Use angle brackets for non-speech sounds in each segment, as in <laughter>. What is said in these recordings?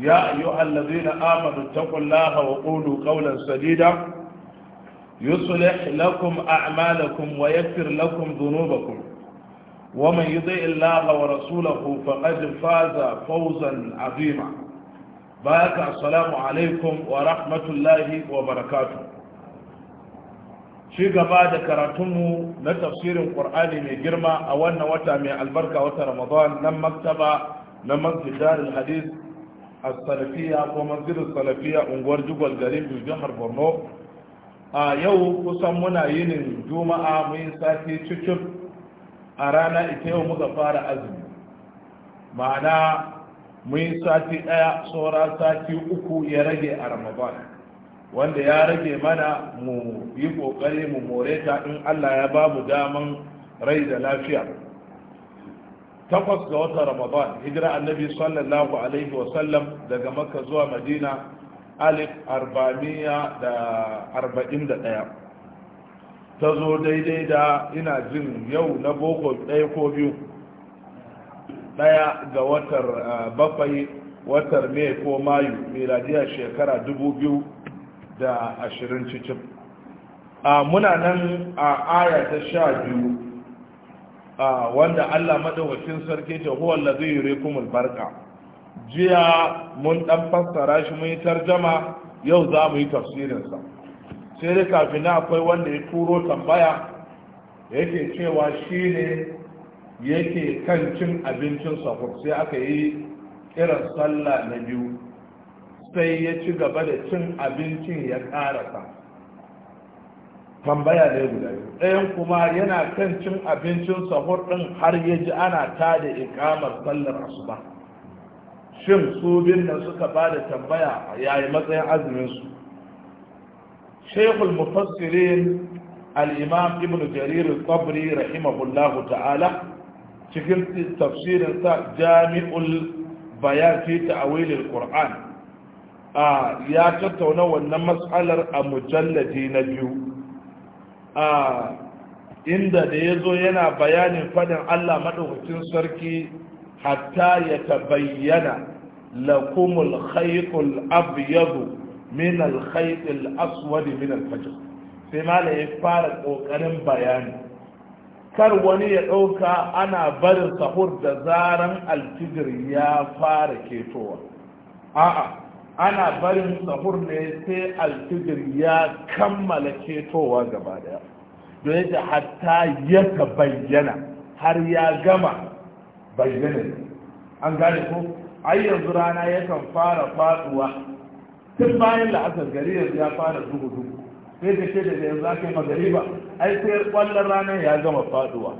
يا أيها الذين آمنوا اتقوا الله وقولوا قولا سديدا يصلح لكم أعمالكم ويكفر لكم ذنوبكم ومن يطع الله ورسوله فقد فاز فوزا عظيما بارك السلام عليكم ورحمة الله وبركاته شيء بعد كراتمه نتفسير القرآن من جرمى أولنا وتا من البركة وتا رمضان لما اكتب لما انتشار الحديث السلفية ومسجد السلفية unguwar jugwal garin biyu jihar borno a yau kusan muna yinin juma'a mun sati cikin a rana ita yau muka fara azumi ma'ana mun sati ɗaya saura sati uku ya rage a ramadan wanda ya rage mana mu yi ƙoƙari mu more ta in allah ya ba mu daman rai da lafiya takwas ga watan ramadan hijira annabi sallallahu alaihi wasallam daga makka zuwa madina alif arba'amiya da arba'in da ɗaya ta zo daidai da ina jin yau na boko ɗaya ko biyu ɗaya ga watar bakwai watar mai ko mayu miladiya shekara dubu biyu da ashirin muna nan a aya ta sha biyu wanda Allah madawacin sarki ta huwa lazi yurikumul barka jiya mun dan fassara shi mun yi tarjama yau za mu yi tafsirin sai da kafin akwai wanda ya turo tambaya yake cewa shi shine yake kan cin abincin sahur sai aka yi kiran sallah na biyu sai ya ci gaba da cin abincin ya karasa tambaya ne guda biyu ɗayan kuma yana kan cin abincin sahur ɗin har ya ji ana ta da ikamar sallar asuba shin su bin nan suka ba da tambaya yayi matsayin azumin su shaykhul mufassirin al-imam ibnu jarir al-qabri rahimahullahu ta'ala cikin tafsirin sa jami'ul bayan fi ta'awil al-qur'an ya tattauna wannan mas'alar a mujalladi na biyu a inda da ya zo yana bayanin fadin Allah maɗaukacin sarki hatta ya ta bayyana lakumul khaytul abyadu min al khaytil min al fajr sai mala ya fara ƙoƙarin bayani kar wani ya ɗauka ana barin sahur da zaran alfijir ya fara ketowa a'a ana barin sahur ne sai alfijir ya kammala cetowa gaba daya don yadda hatta ya ta bayyana har ya gama bayyana an gane ko ai yanzu rana yakan fara faduwa tun bayan la'asar gari yanzu ya fara duhu duhu sai da ce da yanzu ake magariba ai sai kwallon rana ya gama faduwa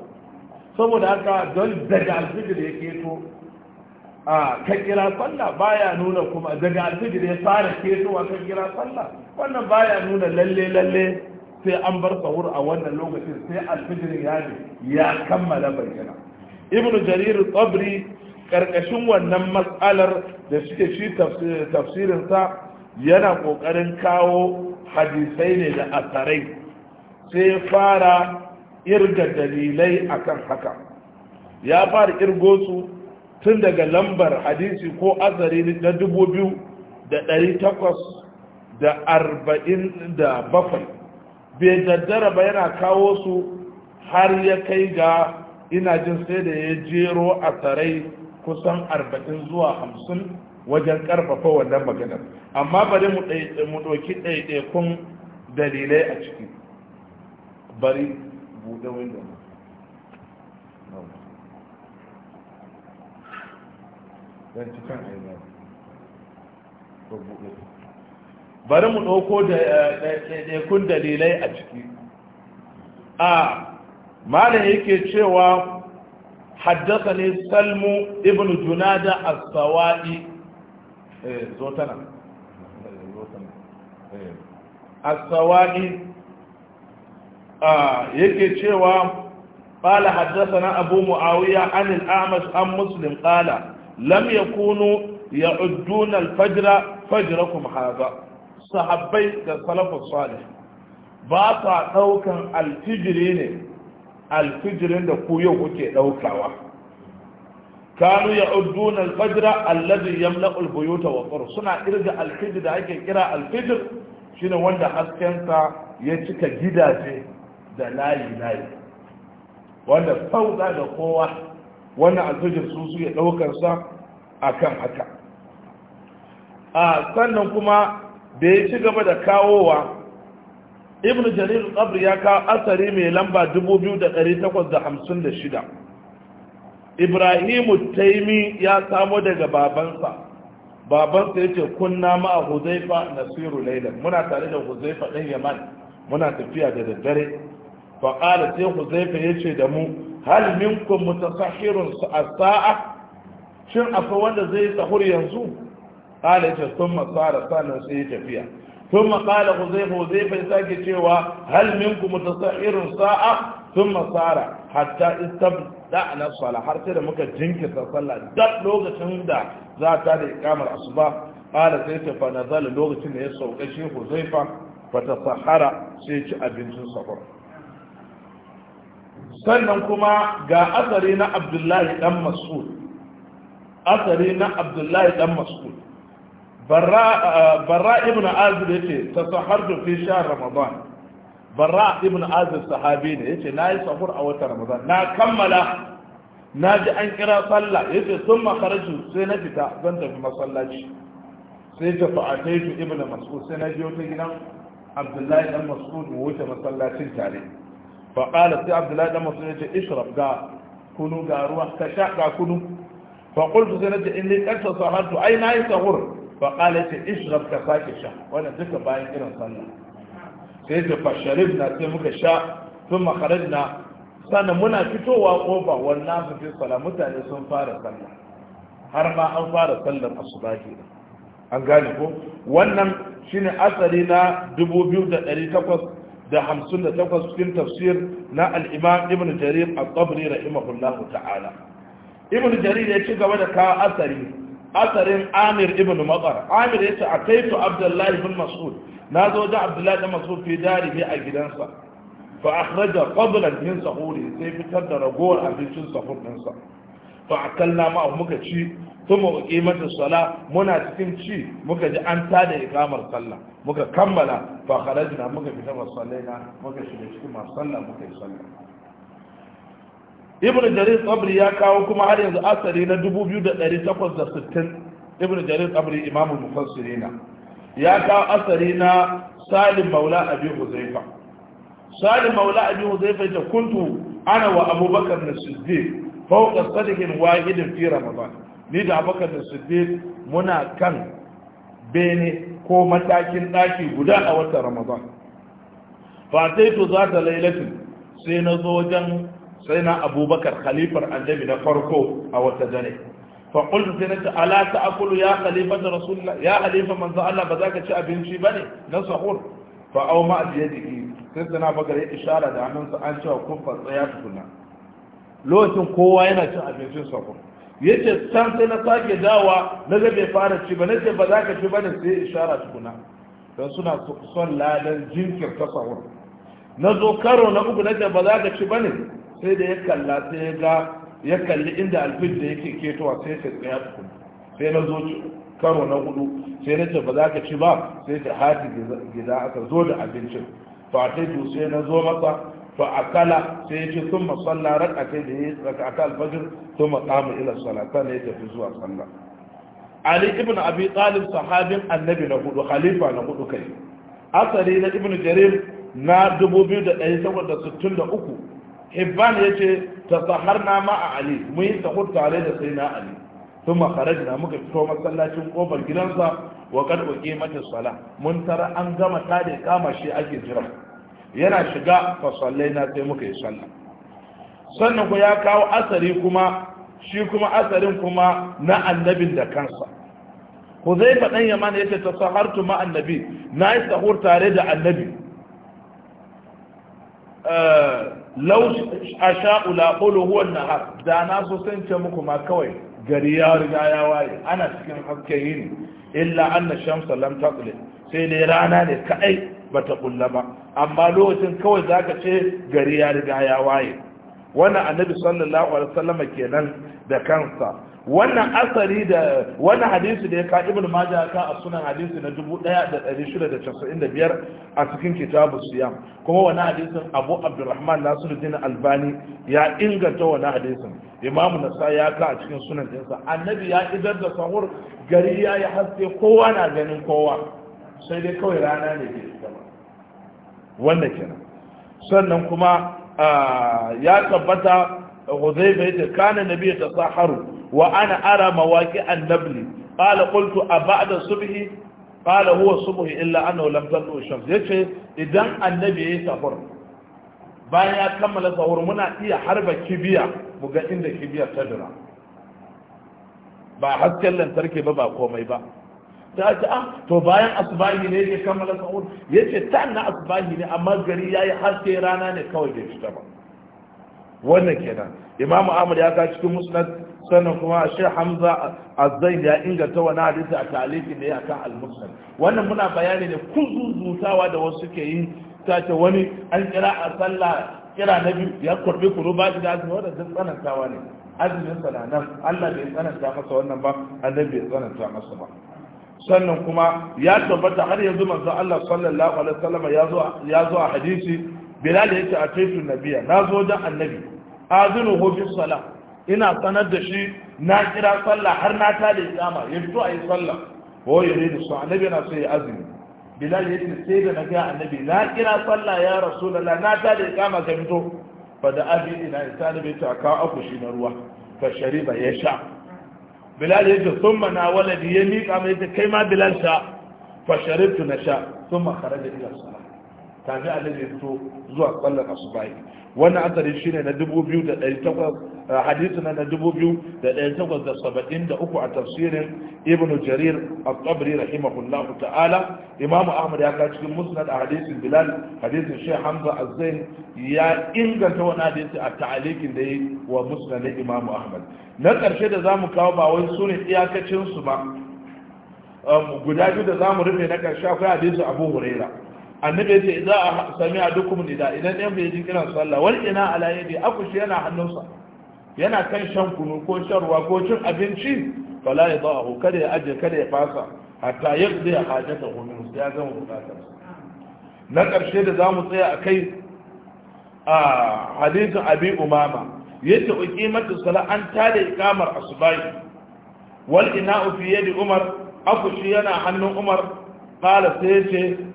saboda haka don daga alfijir ya keto a kan kira sallah baya nuna kuma daga alfijir ya fara ketowa kan kira sallah wannan baya nuna lalle lalle sai an bar sahur a wannan lokacin sai alfijirin ya ne ya kammala bayyana ibnu jarir tsabri karkashin wannan matsalar da suke shi tafsirinsa yana kokarin kawo hadisai ne da asarai sai fara irga dalilai akan haka ya fara irgo su tun daga lambar hadisi ko azari na dubu biyu da ɗari takwas da arba'in da bakwai bai daddara ba yana kawo su har ya kai ga ina jin sai da ya jero a tsarai kusan arba'in zuwa hamsin wajen karfafa wannan maganar amma bari mu ɗauki ɗaiɗaikun dalilai a ciki bari buɗe don cikin ainihin ko buɗe bari mu ɗauko da eh, eh, ɗaiɗaikun dalilai a ciki a malam yake cewa haddasa ne salmu ibn junada as-sawa'i eh, zotana as-sawa'i yake cewa قال حدثنا أبو معاوية عن الأعمش عن مسلم قال lam yakunu ya al-fajra fajrakum hadha sahabbai da salafus salih ba sa daukan alfijiri ne alfijirin da ku yau kuke daukawa kanu ya al-fajra alladhi yamla'u al wa qur suna irga alfijir da ake kira alfijir shine wanda haskensa ya cika gidaje da layi layi wanda sauka da kowa wannan alfijir su su ya ɗaukarsa a kan haka a sannan kuma da ya ci gaba da kawowa ibn jarir qabri ya kawo asari mai lamba 2856 ibrahimu taimi ya samo daga babansa babansa ya ce kunna ma a huzaifa nasiru lailan muna tare da huzaifa ɗan yaman muna tafiya da daddare faƙala sai huzaifa ya ce da mu hal minkum mutasahhirun as-sa'a shin akwai wanda zai sahur yanzu qala ya thumma sara sanan sai ya tafiya thumma qala huzaifa huzaifa ya sake cewa hal minkum mutasahhirun sa'a thumma sara hatta istabda'na salah har sai da muka jinkirta sallah dab lokacin da za ta da ikamar asuba qala sai ta fa nazala lokacin da ya sauka shi huzaifa fatasahara sai ya ci abincin sahur sannan kuma ga asari na abdullahi dan mas'ud asari na abdullahi dan mas'ud eh, barra ibn azib yace tasahartu fi shahr ramadan barra ibn azib sahabi ne yace nayi sahur a watan ramadan na kammala na ji an kira sallah yace sun makaraju sai na fita zan tafi masallaci sai ta fa'ataitu ibn mas'ud sai na biyo ta gidan abdullahi dan mas'ud mu wuce masallacin tare fa sai abdullahi dan mas'ud yace ishrab ga kunu ga ruwa ka sha ga kunu fa qultu sai in inni qad sahartu ai nayi sahur fa qala yace ka sake sha wanda duka bayan irin sallah sai ta fasharib na sai muka sha sun makarajina sannan muna fitowa kofa wannan su fi sala mutane sun fara sallah har ma an fara sallar asuba kenan an gane ko wannan shine asali na takwas. da hamsin da takwas cikin tafsir na al'imam ibn jarir a tsabri rahimahullah ta'ala ibn jarir ya ci gaba da kawo asari asarin amir ibn matsar amir ya ce a kaitu abdullahi bin mas'ud na zo da abdullahi bin mas'ud fi dari a gidansa fa akhraja qablan min sahuri sai fitar da ragowar abincin sahur ɗinsa fa akalna ma'a muka ci kuma mata sala muna cikin ci muka ji an tada ikamar sallah muka kammala ba fa na muka fi fita na muka shiga cikin masu sallah muka yi sallah ibn jarir sabri ya kawo kuma har yanzu asali na dubu biyu da da takwas sittin ibn jarir sabri imamul mufassirina ya kawo asali na salim maula abi huzaifa salim maula abi huzaifa ta kuntu ana wa abubakar na siddiq fawqa sadiqin wahidin fi ramadan ni da abokan da siddiq muna kan bene ko matakin ɗaki guda a watan ramadan fataitu za ta lailatin sai na zo wajen sai na abubakar khalifar annabi na farko a wata dare qultu sai na ala ta akulu ya khalifa da rasulullah ya khalifa manzo Allah ba za ka ci abinci ba ne na sahur fa au ma biye jiki sai sana bakar ya ishara da hannunsa an cewa kun fa tsaya tukuna lokacin kowa yana cin abincin sahur ya ce san sai na sake dawa na ga bai fara ci ba na ce ba za ka ci ba ne sai ishara tukuna don suna son ladan jinkirta sahur na zo karo na uku na ce ba za ka ci ba ne sai da ya kalla sai ya ga ya kalli inda alfin da yake ketowa sai ta tsaya tukuna sai na zo karo na hudu sai na ce ba za ka ci ba sai ta hati gida aka zo da abincin fatai sai na zo masa fa akala sai ya ce sun masalla raka sai da ya yi raka ta alfajir sun ila salata ne ya tafi zuwa sallah ali ibn abi talib sahabin annabi na hudu khalifa na hudu kai asali na ibn jarir na uku, hibban ya ce ta nama a ali mun yi sahur tare da sai na ali sun makarajina muka fito masallacin kofar gidansa wa kan uke mata sala mun tara an gama tare kama shi ake jira yana shiga fa na sai muka yi sallah sannan ku ya kawo asari kuma shi kuma asarin kuma na annabin da kansa huzaifa dan ta yace tasahartu ma annabi na yi sahur tare da annabi eh, law a la qulu huwa nahar da na so san ce muku ma kawai gari ya riga ya waye ana cikin hasken yini illa anna shamsa lam sai dai rana ne kaɗai. bata kulla ba amma lokacin kawai za ka ce gari ya riga ya waye wannan annabi sallallahu alaihi wasallam kenan da kansa wannan asari da wannan hadisi da ya ka ibnu majah ka a sunan hadisi na 1695 a cikin kitabu siyam kuma wannan hadisin abu abdurrahman nasiruddin albani ya inganta wannan hadisin imamu nasa ya ka a cikin sunan dinsa annabi ya idar da sahur gari ya yi haske kowa na ganin kowa sai dai kawai rana ne ke wanda kenan sannan kuma ya tabbata huzaifa yace kana nabi tasaharu wa ana ara mawaqi annabli qala ƙultu a ba'da subhi qala huwa subhi illa annahu lam tadlu shams yace idan annabi yayi sahur bayan ya kammala sahur muna iya harba kibiya mu ga inda kibiyar ta dira ba hasken lantarki ba ba komai ba ta ce ah to bayan asubahi ne ya kammala sahur ya ce ta na asubahi ne amma gari ya yi haske rana ne kawai bai fita ba wannan kenan imamu amur ya ga cikin musnad sannan kuma a shi hamza a da ya inganta wani hadisi a talibin ne akan al-musnad wannan muna bayani ne zuzutawa da wasu ke yi ta ce wani an kira a sallah kira na biyu ya kurbi kuru ba shi da azumi wadannan zai tsanantawa ne azumin sa nan Allah bai tsananta masa wannan ba annabi bai tsananta masa ba sannan kuma ya tabbata har yanzu manzo Allah sallallahu alaihi wasallam ya zo ya zo a hadisi bilal ce a taitu nabiya na zo dan annabi azinu hu fi ina sanar da shi na kira sallah har na ta da ikama ya fito ayi sallah ko ya da su annabi na sai azumi bilal yace sai da na ga annabi na kira sallah ya rasulullah na ta da ikama ka fito fa da abi ina isalibi ta ka aku shi na ruwa fa shariba ya sha bilal ya ce sun mana waladi ya miƙa mai ta kai ma bilal sha fasharibtu na sha sun makara da ila sala tafi annabi fito zuwa tsallar bayi wannan asali shine na 2800 hadisi na 2873 a tafsirin ibn jarir at-tabari rahimahullah ta'ala imam ahmad ya ka cikin musnad a hadisin bilal hadisin shaykh hamza az-zain ya inganta wannan hadisi a ta'alikin da yi wa musnad imam ahmad na karshe da zamu kawo ba wai sunan iyakacin su ba um, guda biyu da zamu rufe na karshe akwai hadisin abu hurairah annabi yace za a sami a dukkan nida idan yan bai ji kiran sallah wal ina ala yadi akushi yana hannunsa yana kan shan kunu ko shan ruwa ko cin abinci fala ya za'a kada ya aje kada ya fasa hatta yadda ya hajjata hulun ya gama bukatar na ƙarshe da za mu tsaya a kai a hadisin abi umama yadda uƙimatu sala an tada ikamar asubahi wal ina fi yadi umar akushi yana hannun umar qala sai ce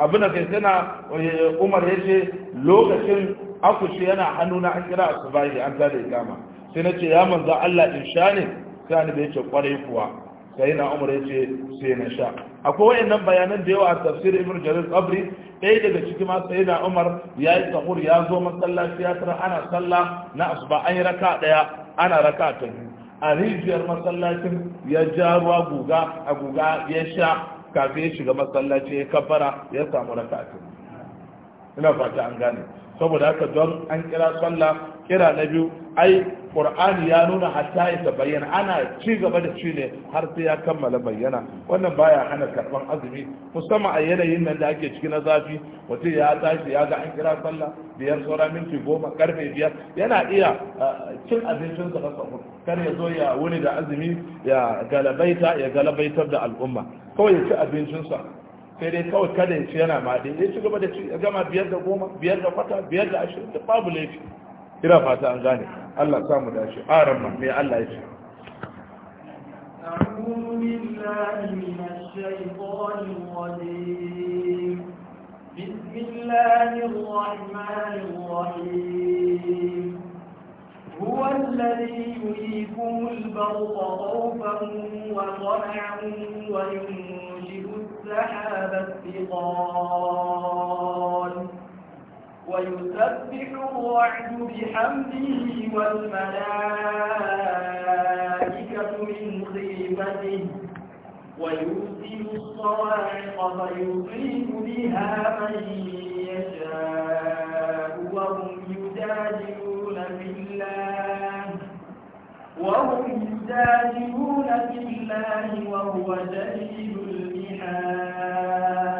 abin da suna umar ya ce lokacin akushi yana hannu na an kira a bayi an tada ikama sai na ce ya manzo Allah in sha ne sai annabi bai ce kwarai kuwa sai na umar ya ce sai na sha akwai wayannan bayanan da yawa a tafsir ibn jarir sabri ɗaya daga ciki ma sai na umar ya yi sahur ya zo masallaci ya tara ana sallah na asuba an yi raka ɗaya ana raka ta biyu a rijiyar masallacin ya ja ruwa guga a guga ya sha kafin ya shiga masallaci ya kabbara ya samu raka'atin ina fata an gane saboda haka don an kira sallah kira na biyu ai qur'ani ya nuna hatta ya bayyana ana ci gaba da ci ne har sai ya kammala bayyana wannan baya hana karban azumi musamman a yanayin nan da ake ciki na zafi mutum ya tashi ya ga an kira sallah biyar saura minti goma karfe biyar yana iya cin abincin sa kasa kar ya zo ya wuni da azumi ya galabaita ya galabaitar da al'umma kawai ya ci abincin sa sai dai kawai kada ya ci yana ma dai ya ci gaba da ci ya gama biyar da goma biyar da kwata biyar da ashirin da babu laifi ina fata an gane Allah samu dace aran ma me Allah ya ce أعوذ بالله من الشيطان الرجيم بسم الله الرحمن الرحيم هو الذي يريكم البرق خوفا وطمعا وينشئ السحاب الثقال ويسبح الرعد بحمده والملائكة من خيفته ويرسل الصواعق فيصيب بها من يشاء وهم يجادلون في الله وهم يجادلون في الله وهو جليل المحال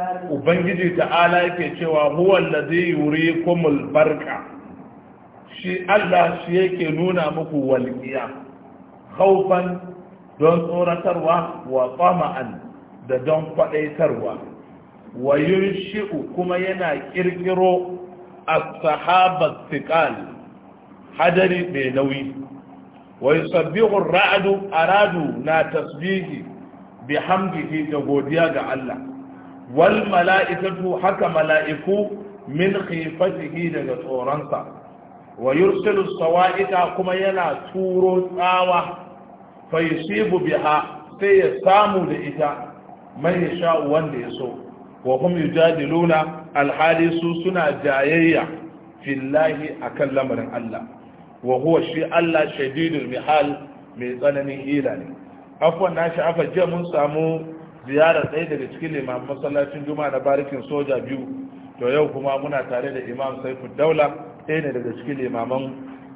ubangiji ta'ala yake cewa huwa allazi yurikumul barka. shi Allah shi yake nuna muku walqiya khawfan don tsoratarwa wa tama'an da don kwadaitarwa wa yunshi'u kuma yana kirkiro as-sahaba thiqal hadari mai nauyi wa yusabbihu ar-ra'du aradu na tasbihi bihamdihi da godiya ga Allah wal mala'ikatu haka mala'iku min khifatihi daga tsoronsa wa yursilu sawa'ika kuma yana turo tsawa fa yusibu biha sai ya samu da ita man uwan da ya so wa hum yujadiluna suna jayayya fillahi akan lamarin Allah wa huwa shi Allah shadidul mihal mai tsananin hila ne afwan nashi afa je mun samu ziyarar ɗaya daga cikin limamin masallacin juma'a na barikin soja biyu to yau kuma muna tare da imam saifu daula ɗaya ne daga cikin limaman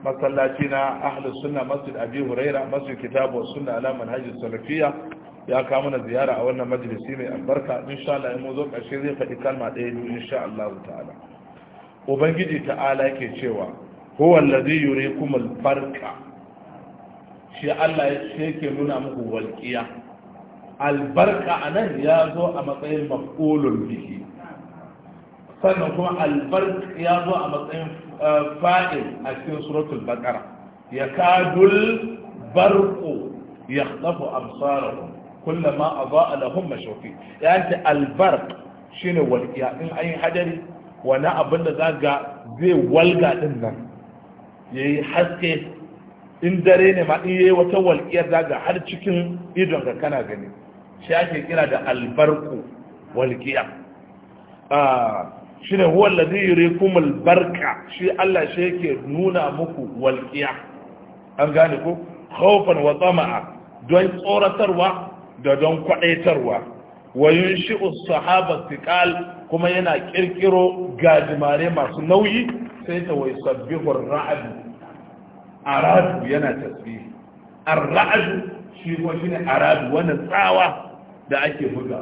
masallaci na ahli sunna masjid abi huraira masjid kitabu sunna ala manhaji salafiyya ya kawo mana ziyara a wannan majalisi mai albarka insha Allah in mu zo ƙarshe zai faɗi kalma ɗaya biyu insha Allah ta'ala ubangiji ta'ala yake cewa huwa allazi yurikum al shi Allah yake nuna muku walqiya albarka a nan ya zo a matsayin maƙolun bihi sannan kuma albarka ya zo a matsayin eh, fa'il a cikin suratul baqara ya kadul barku ya tsafu amsarahum kullama adaa lahum mashawfi ya ce albark shine walƙiya in yi hadari wani abin da ga zai walga ɗin nan yayi haske in dare ne ma in yi wata za zaga har cikin idon ka kana gani shi ake kira da albarku walkiya ah, shi ne huwa lazi yurikum Barka shi Allah shi yake nuna muku walkiya an gane ku khawfan wa don tsoratarwa da don kwadaitarwa wa yunshi'u sahaba thiqal kuma yana kirkiro gajimare masu nauyi sai ta wai sabbihur ra'd aradu yana tasbih ar-ra'd shi ko shine aradu wani tsawa da ake buga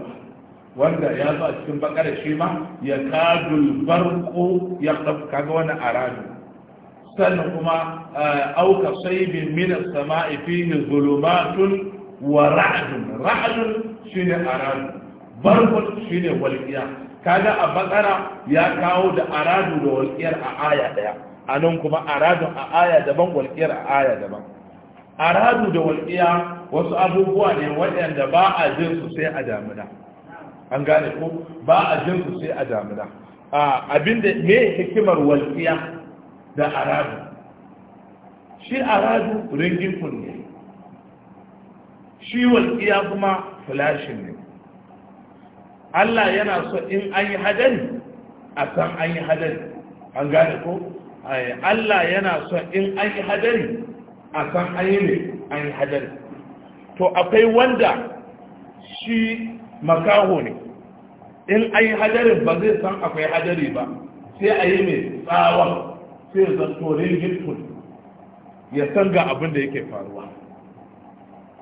wanda ya zo a cikin bakara shi ma ya kadul barko ya ga wani aradu sannan kuma eh, auka saibin min as-sama'i fihi zulumatun wa ra'dun ra'dun ne aradu barko ne walqiya kaga a bakara ya kawo da aradu da walqiyar a aya daya anan kuma aradun a aya daban walqiyar a aya daban aradu da walƙiya wasu abubuwa ne waɗanda ba a jin su sai a damuna. an gane ko ba a jin su sai a damina abinda me hikimar walƙiya da aradu shi aradu ringin ne. shi walƙiya kuma flashin ne Allah yana so in an yi hadari a san an yi hadari an gane ko Allah yana so in an yi hadari a san ne an yi hadari to akwai wanda shi makaho ne in an yi hadarin ba zai san akwai hadari ba sai a yi mai tsawon sai zanto rigid ya san ga abin da yake faruwa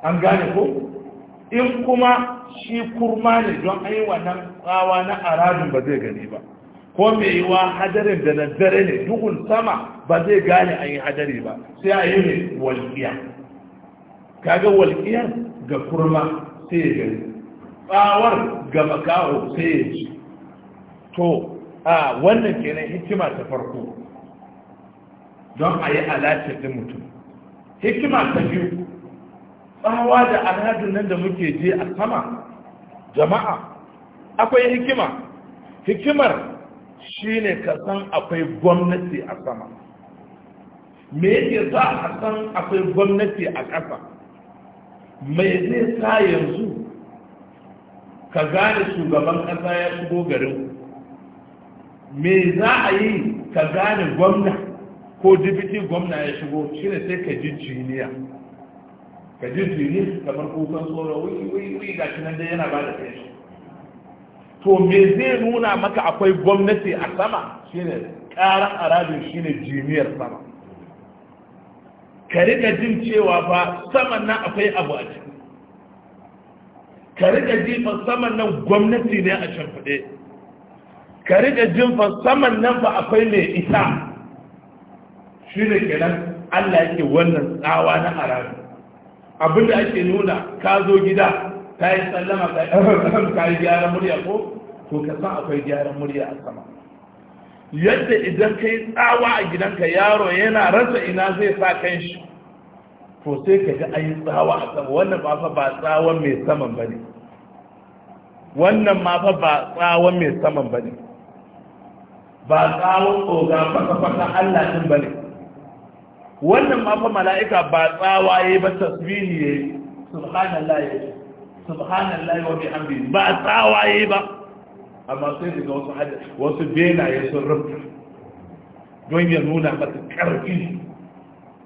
an gane ko in kuma shi kurma ne don a yi wannan tsawa na aradun ba zai gani ba ko mai yiwa hadarin da na dare ne duhun sama ba zai gane an yi hadari ba sai a yi ne walƙiya kaga walƙiyar ga kurma sai ya gani tsawar ga makaho sai ya ji to a wannan kenan hikima ta farko don a yi alaƙa da mutum hikima ta biyu tsawa da alhadun nan da muke je a sama jama'a akwai hikima hikimar shine ka san akwai gwamnati a sama me yake za a san akwai gwamnati a ƙasa mai zai sa yanzu ka gane shugaban ƙasa ya shigo garin me za a yi ka gane gwamna ko dibiti gwamna ya shigo shine sai ka ji jiniya ka ji jini kamar kukan tsoro Wuyi wuyi ga shi nan dai yana ba da kai to me zai nuna maka akwai gwamnati a sama shine karan arabin shine jimiyar sama ka riga jin cewa ba saman nan akwai abu a ciki ka ji jin saman nan gwamnati ne a can fade ka riga jin fa saman nan ba akwai mai ita shine kenan Allah yake wannan tsawa na arabi abinda ake nuna ka zo gida ka yi sallama ka yi <laughs> gyaran murya ko to ka san akwai gyaran murya a sama yadda idan ka yi tsawa a gidanka yaro yana rasa ina zai sa kan shi to sai ka ga an yi tsawa a sama wannan ba fa ba tsawon mai saman bane wannan ma fa ba tsawon mai saman ba ne ba tsawon tsoga fasa-fasa Allah din ba ne wannan ma fa mala'ika ba tsawa ya yi ba tasbihi ya yi subhanallah ya yi subhanallahi wa bihamdihi ba tsawaye ba amma sai daga wasu hada wasu bena ya sun rubuta don ya nuna masu karfi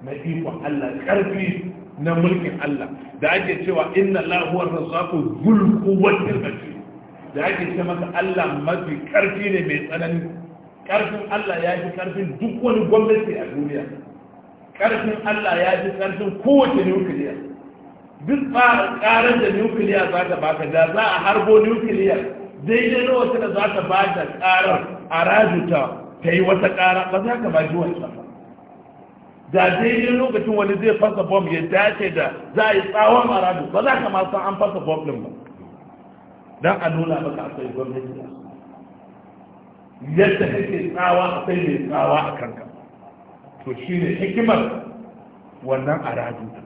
na ikon Allah karfi na mulkin Allah da ake cewa inna Allah huwa zul dhul quwwati matin da ake cewa masa Allah mafi karfi ne mai tsanani karfin Allah ya fi karfin duk wani gwamnati a duniya karfin Allah ya fi karfin kowace nukiliya duk karar da nukiliya za ta baka da za a harbo nukiliya daidai na wata da za ta ba da karar a rajuta ta yi wata ƙara ba za ka ba ji wani ba da daidai lokacin wani zai fasa bom ya dace da za a yi tsawon a rajuta ba za ka ma san an fasa bom ɗin ba don a nuna maka akwai gwamnati yadda kake tsawa sai mai tsawa a kanka to shine hikimar wannan a rajuta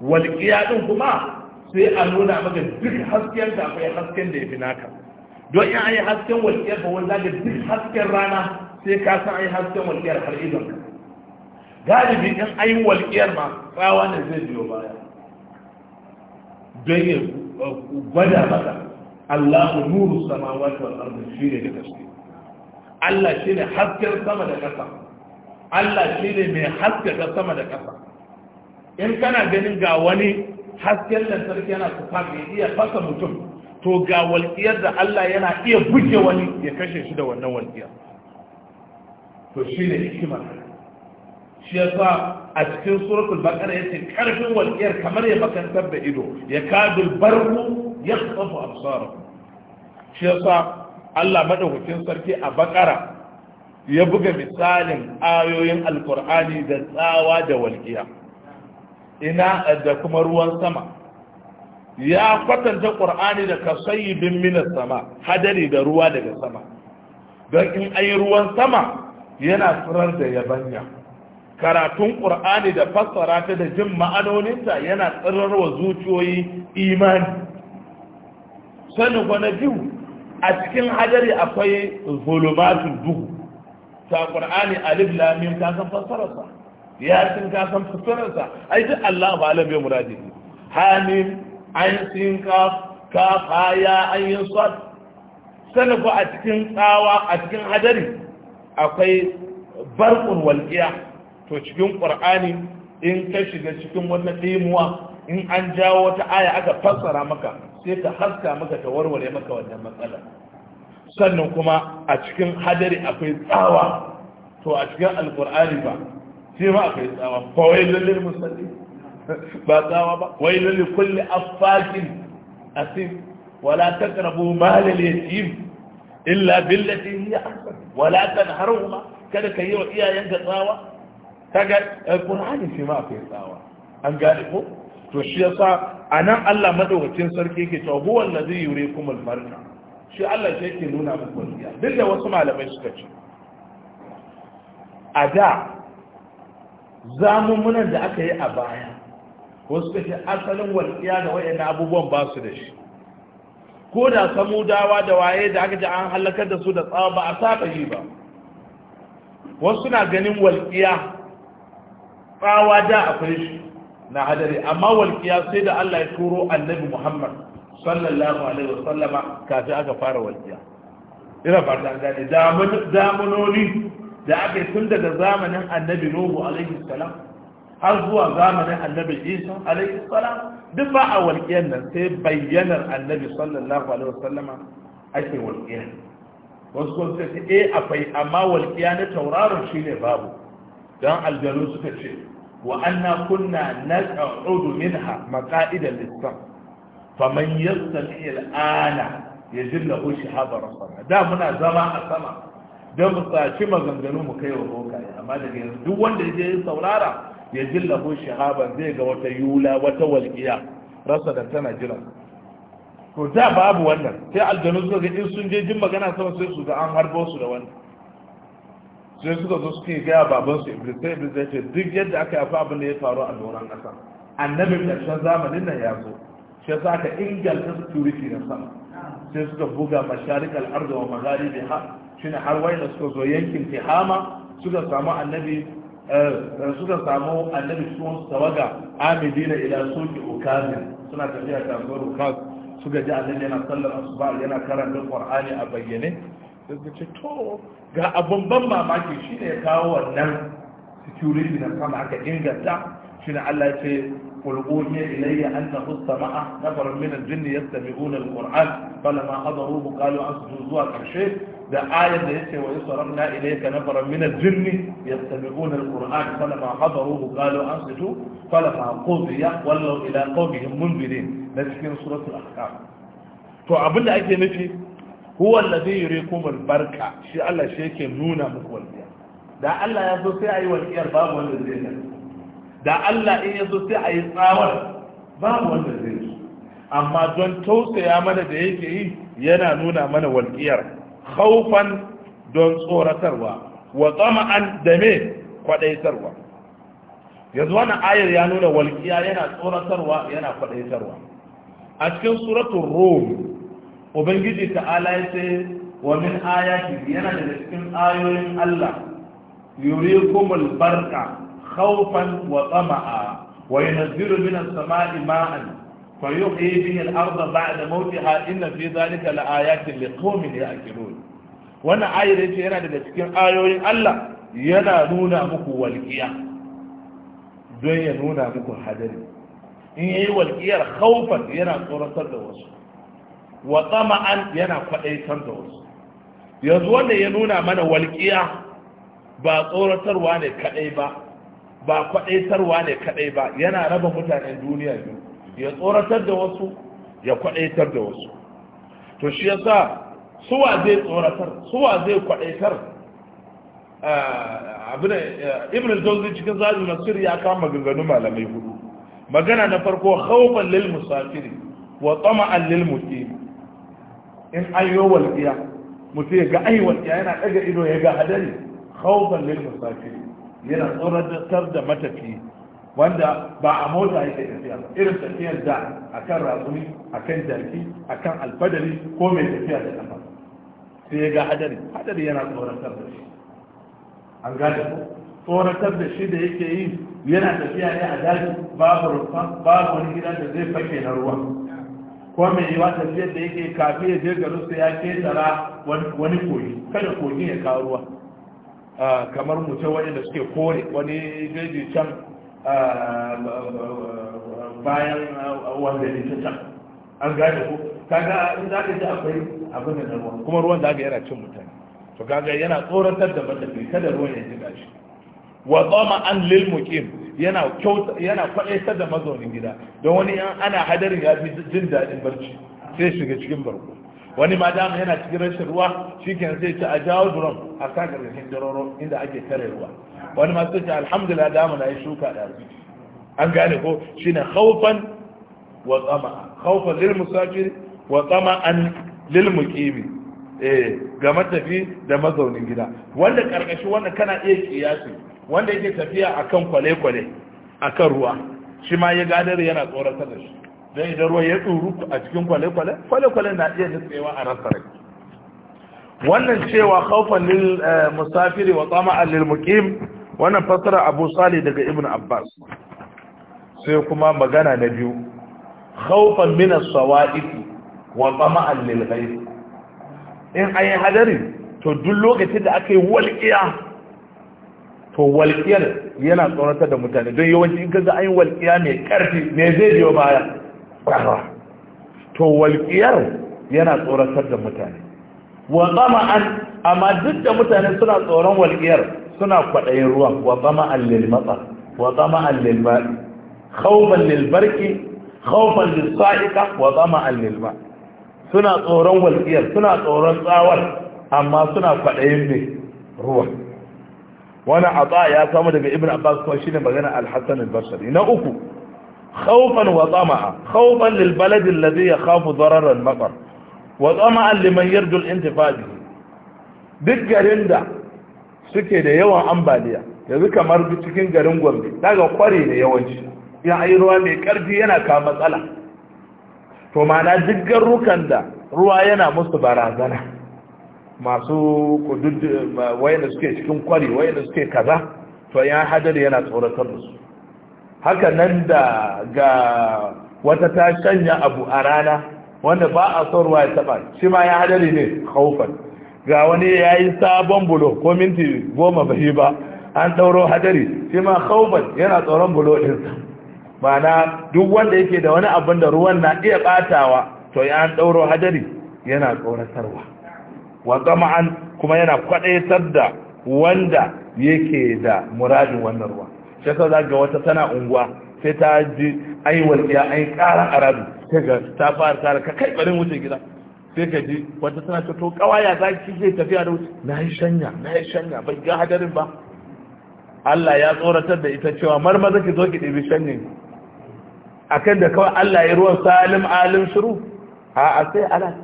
walƙiya ɗin kuma sai a nuna maka duk hasken da akwai hasken da ya fi naka don in ayi hasken walƙiyar ba wanda da duk hasken rana sai ka san ayi hasken walƙiyar har idon ka galibi in ayi walƙiyar ma tsawa ne zai biyo baya don ya gwada maka Allahu nuru samawati wal shi ne da gaske Allah shine hasken sama da ƙasa Allah shine mai haskaka sama da ƙasa in kana ganin ga wani hasken lantarki yana kufa mai iya fasa mutum to ga walƙiyar da Allah yana iya buge wani ya kashe shi da wannan walƙiyar to shi ne hikimar shi ya sa a cikin suratul baqara yace karfin walƙiyar kamar ya makantar da ido ya kadul barku ya tsafu absara shi ya sa Allah madaukakin sarki a bakara ya buga misalin ayoyin alkur'ani da tsawa da walƙiya ina da kuma ruwan sama ya kwatanta ƙur'ani da kasayyibin minas sama hadari da ruwa daga sama don in ayi ruwan sama yana tsirar da yabanya karatun ƙur'ani da fassara ta da jin ma'anoninta yana tsirarwa zuciyoyi imani sanin na biyu a cikin hadari akwai zulumatun duhu ta qur'ani alif lamim ta san fassararsa ya sun ka san fuskararsa ai duk Allah ba alam bai muradi hamim an sin ka ka faya an yin sad sanin ko a cikin tsawa a cikin hadari akwai barkun walqiya to cikin qur'ani in ka shiga cikin wannan dimuwa in an jawo wata aya aka fassara maka sai ka haska maka ta warware maka wannan matsala sannan kuma a cikin hadari akwai tsawa to a cikin alqur'ani ba shi ma akwai tsawa fa wai lalle musalli ba tsawa ba wai lalle kulli affakin asim wala taqrabu mal al yatim illa billati hiya ahsan wala tanharuhuma kada kai wa iyayenka tsawa kaga qur'ani shi ma akwai tsawa an gane ko to shi yasa anan Allah madaukakin sarki yake cewa huwa allazi yurikum al farqa shi Allah shi yake nuna muku wasiya duk da wasu malamai suka ce a da zamumunan da aka yi a baya wasu ce asalin walƙiya da wayannan abubuwan ba su da shi ko da dawa da waye da aka ji an halakar da su da tsawa ba a saba yi ba wasu na ganin walƙiya tsawa da akwai shi na hadari amma walƙiya sai da Allah ya turo annabi Muhammad sallallahu alaihi wasallama kafin aka fara walƙiya ina fata gane damunoni da aka yi tun daga zamanin annabi nuhu alaihi salam har zuwa zamanin annabi isa alaihi salam duk ba a walƙiyar nan sai bayyanar annabi sallallahu alaihi wasallama ake walƙiya wasu kuma suka ce eh akwai amma walƙiya na tauraron shine babu don aljanu suka ce wa anna kunna naq'udu minha maqa'ida lis-sam faman yastami al-ana yajid lahu shihaba rasama da muna zama a sama don mu saci maganganu mu kai wa bokaye amma daga yanzu duk wanda ya je saurara ya ji lahu shahaba zai ga wata yula wata walƙiya rasa da tana jira to da babu wannan sai aljanu suka ga in sun je jin magana sama sai su ga an harbo su da wannan sai suka zo suke gaya baban su iblis sai iblis ya ce duk yadda aka yafa abin da ya faru a doron ƙasa annabin ƙarshen zamanin nan ya zo shi yasa aka inganta security na sama sai suka buga masharik al'arda wa magharibi ha ne har waina suka zo yankin tihama suka samu annabi eh, suka samu annabi sun tawaga amidina ila suki ukazin suna tafiya kasuwar ukaz suka ji annabi yana sallar asuba yana karanta qur'ani a bayyane sai suka ce to ga abun ban mamaki shine ya kawo wannan security na sama aka inganta shine Allah ya ce قل أوحي إلي أنه استمع نفر من الجن يستمعون القرآن فلما حضروه قالوا أنصتوا زوا كرشي ده آية يتي ويصرفنا إليك نفر من الجن يستمعون القرآن فلما حضروه قالوا أنصتوا فلما قضي ولوا إلى قومهم منذرين نتكين سورة الأحكام فأبن أكي نفي هو الذي يريكم البركة شيء الله شيء نونا مكوالبيا ده الله يزو سيعي والإير باب والإذن da Allah in ya so sai a yi tsawar babu wanda zai yi amma don tausaya mana da yake yi yana nuna mana walƙiyar haufan don tsoratarwa wa tsama'an da me kwaɗaitarwa yanzu wannan ayar ya nuna walƙiya yana tsoratarwa yana kwaɗaitarwa a cikin suratun rom ubangiji ta'ala ya ce wa min ayati yana da cikin ayoyin Allah yurikumul barka خوفا وطمعا وينزل من السماء ماء فيحيي به الأرض بعد موتها إن في ذلك لآيات لقوم يأكلون wannan ayar yace yana daga cikin ayoyin Allah yana nuna muku walƙiya don ya nuna muku hadari in yayi walƙiyar khaufan yana tsoratar da wasu wa tsama'an yana kwaɗaitar da wasu yanzu wanda ya nuna mana walƙiya ba tsoratarwa ne kaɗai ba ba kwaɗaitarwa ne kaɗai ba yana raba mutanen duniya biyu ya tsoratar da wasu ya kwaɗaitar da wasu to shi yasa suwa zai tsoratar suwa zai kwaɗaitar eh, eh, ibn al-jawzi cikin zaji nasir ya kama maganganu malamai hudu magana na farko khawfan lil musafiri wa tama'an lil muqim in ayyo wal qiya mutai ga ayi walƙiya yana ɗaga ido ya ga hadari khawfan lil musafiri yana tsoratar da matafi wanda ba a mota yake tafiya irin tafiyar da a kan akan a kan jarki kan alfadari ko mai tafiya da kafa sai ya ga hadari hadari yana tsoratar da shi an gada ko tsoratar da shi da yake yi yana tafiya ne a daji babu rufa babu wani gida da zai fake na ruwa ko mai yiwa tafiyar da yake kafin ya je garin sai ya ketara wani kogi kada kogin ya kawo ruwa kamar mutum waɗanda suke kore wani jeji can bayan wanda ne can an gane ko kaga in za ka ji akwai abin da ruwa kuma ruwan da aka yana cin mutane to kaga yana tsoratar da matafi kada ruwan ya jiga shi wa tsoma an lil muqim yana kyauta yana kwadaitar da mazaunin gida don wani ana hadarin ya fi jin daɗin barci sai shiga cikin barko wani ma dama yana cikin rashin ruwa shi ke zai ci a jawo durom a sa gargashin jaroro inda ake tare ruwa wani ma sai ce alhamdulillah dama na yi shuka da an gane ko shine khawfan wa tsama khawfan lil musafir wa tsama an lil muqimi eh ga matafi da mazaunin gida wanda karkashi wanda kana iya kiyasi wanda yake tafiya akan kwale-kwale akan ruwa shi ma ya gadar yana tsoratar da shi don idan ruwa ya tsuru a cikin kwale-kwale kwale-kwale na iya nutsewa a rasa rai wannan cewa khawfan lil eh, musafiri wa tsama'an lil muqim wannan fasara abu salih daga ibn abbas sai kuma magana na biyu khawfan min as-sawa'id wa tsama'an lil ghayb in ayi hadari to duk lokacin da aka yi walƙiya to walƙiyar yana tsoratar da mutane don yawanci in kaga an yi walƙiya mai ƙarfi mai zai biyo baya ƙwarar to walƙiyar yana tsoratar da mutane wa an amma duk da mutane suna tsoron walƙiyar suna kwaɗayin ruwan wa an lilmatsa wa an lilmari khauban lilbarki khauban lilsa'ika wa an lilma suna tsoron walƙiyar suna tsoron tsawar amma suna kwaɗayin mai ruwa wani a ya samu daga ibn abbas kuma shine magana al-hassan al-basri na uku khawfan wa tsama'a khawfan lil baladi alladhi yakhafu darar al maqar wa tsama'an intifadi duk garin da suke da yawan ambaliya yanzu kamar cikin garin Gombe daga kware da yawanci ya ayi ruwa mai karfi yana ka matsala to mana duk garukan da ruwa yana musu barazana masu kududu wayanda suke cikin kwari wayanda suke kaza to ya hadari yana tsoratar da su haka nan da ga wata ta shanya abu a rana wanda ba a son ruwa ya taba shi ma ya hadari ne haufan ga wani ya yi sabon bulo ko minti goma ba shi ba an ɗauro hadari shi ma yana tsoron bulo ɗinsa mana duk wanda yake da wani abin da ruwan na iya ɓatawa to ya an ɗauro hadari yana tsoratarwa ma'an kuma yana kwaɗaitar da wanda yake da muradin wannan ruwa shi yasa za ga wata tana unguwa sai ta ji ai ya ai a arabi sai ga ta fara tare ka kai barin wuce gida sai ka ji wata tana ta to kawaya za ki ke tafiya da wuce na yi shanya na yi shanya bai ga hadarin ba Allah ya tsoratar da ita cewa marmaza ki zo ki ɗebi shanyin akan da kawai Allah ya ruwan salim alim shiru a a sai ala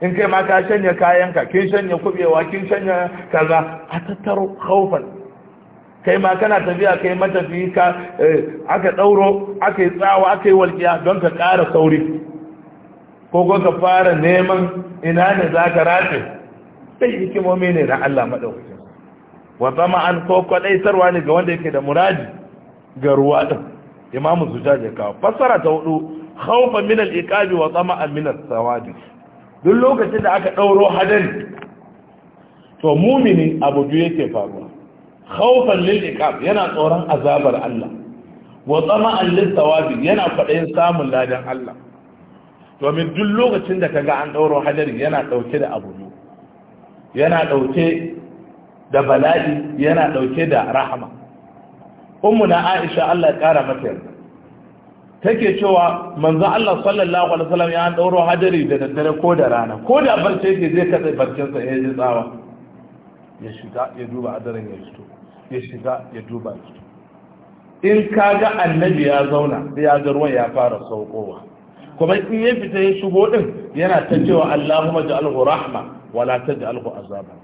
in kai ma ka shanya kayanka kin shanya kubewa kin shanya kaza a tattaro khaufan kai ma kana tafiya kai matafiya ka eh, aka ɗauro aka yi tsawa aka yi walƙiya don ka ƙara sauri ko ko ka fara neman ina ne za ka rafe sai hikimomi ne na Allah maɗaukacin wa zama an ko sarwa ne ga wanda yake da muradi ga ruwa ɗin imamu su jaje kawo fassara ta hudu haufa al iqabi wa zama min al sawadi duk lokacin da aka ɗauro hadari to mumini abu biyu yake faruwa khawfan lil iqab yana tsoron azabar Allah wa tama'an lil thawabi yana fadin samun ladan Allah domin duk lokacin da kaga an dauro hadari yana dauke da abu yana dauke da bala'i yana dauke da rahama ummu na Aisha Allah ya kara mata yarda take cewa manzo Allah sallallahu alaihi wasallam ya dauro hadari da daddare ko da rana ko da barce yake zai kada barcin sa yayin tsawa ya shiga ya duba daren ya fito ya shiga ya duba ya fito in ka ga annabi ya zauna ya ga ruwan ya fara saukowa kuma in ya fita ya shigo din yana ta cewa Allahumma ja'alhu rahma wala taj'alhu azaba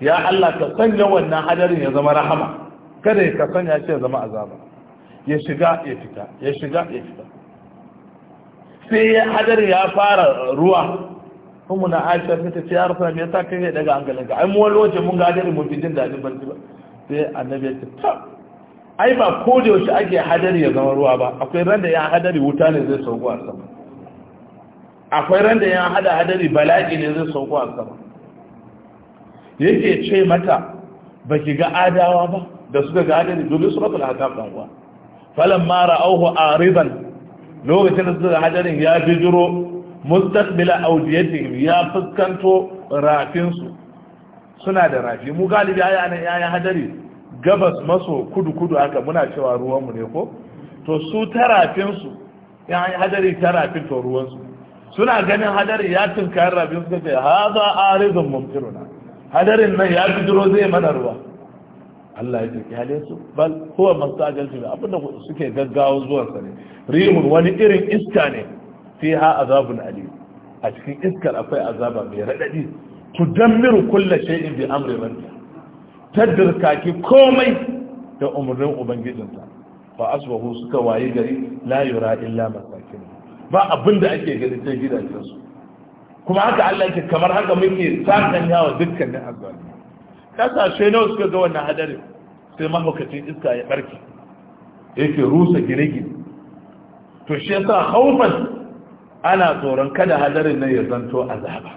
ya Allah ka sanya wannan hadarin ya zama rahama kada ka sanya shi ya zama azaba ya shiga ya fita ya shiga ya fita sai hadarin ya fara ruwa kuma na aisha ta ce ya rasu me yasa kai ne daga ka. ai mu wani wajen mun ga hadari mun fi jin daɗin barci ba sai annabi ya ce ta ai ba ko da yaushe ake hadari ya zama ruwa ba akwai ran da ya hadari wuta ne zai sauko a sama akwai ran da ya hada hadari bala'i ne zai sauko a sama yake ce mata ba ki ga adawa ba da suka ga hadari dubi suratul ahqaf dan uwa falamma ra'awhu aridan lokacin da suka ga hadarin ya bijiro mustaqbila awdiyatihim ya fuskanto rafinsu suna da rafi mu galibi ayi anan yaya hadari gabas maso kudu kudu haka muna cewa ruwan mu ne ko to su tarafin su yayi hadari tarafin to ruwan su suna ganin hadari ya tunkar rafin su ce hadha arizun mumtiruna hadarin nan ya bidiro zai mana ruwa Allah ya tafi halin su bal huwa mastajaltu abinda suke gaggawa zuwa sare ne rihun wani irin iska ne fiha azabun alim a cikin iskar akwai azaba mai radadi tudammiru kulla shay'in bi amri rabbih tadirkaki komai da umarnin ubangijinsa fa asbahu suka waye gari la yura illa masakin ba abinda ake gani gidajensu kuma haka Allah yake kamar haka muke sakan yawa dukkanin azzalimi kasashe nawa suka ga wannan hadari sai mahaukacin iska ya barke yake rusa gine-gine to shi yasa haufan ana tsoron kada hadarin nan ya zanto azaba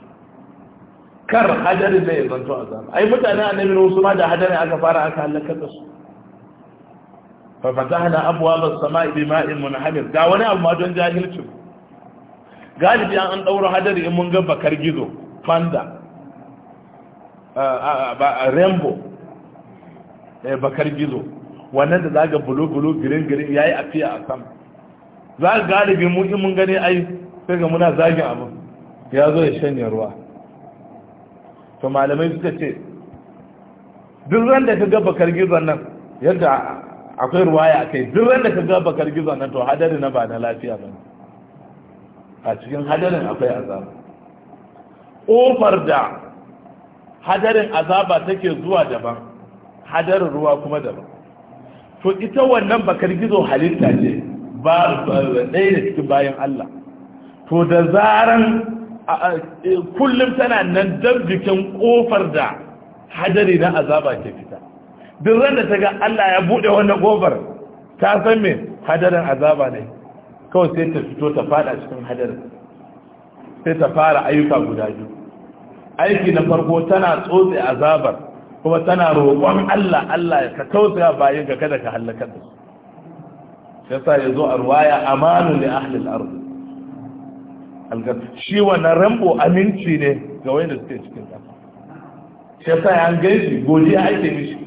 kar hadarin nan ya zanto azaba ai mutane annabi wasu ma da hadarin aka fara aka halaka da su fa fatahna abwaab as-samaa'i bima'in munhamir ga wani abu ma don jahilci galibi an dauro hadari in mun ga bakar gizo rembo rainbow eh, bakar gizo wannan da zaga bulu-bulu girin-girin ya yi afiya a sama za mu galibi mun gane ai sai ga muna zagin abu ya zo ya shanye ruwa to malamai suka ce duk ran da ka ga bakar gizon nan yadda akwai ruwaya ya kai duk ran da ka ga bakar gizon nan to hadari na ba na lafiya ba a cikin hadarin akwai azaba ƙofar da hadarin azaba take zuwa daban hadarin ruwa kuma daban to ita wannan bakar gizo halitta ce ba ɗaya da cikin bayan Allah Ko da zaran kullum tana nan don bikin kofar da hadari na azaba ke fita duk ran da ta ga Allah ya bude wannan kofar ta san me hadarin azaba ne kawai sai ta fito ta fada cikin hadarin sai ta fara ayyuka guda biyu aiki na farko tana tsotse azabar kuma tana roƙon Allah Allah ka tausaya bayan ga kada ka halaka da su yasa yazo a ruwaya amanu li ahli al-ardh algar shi wannan rambo aminci ne ga wanda suke cikin ƙasa shi sa ya gaji godiya ake mishi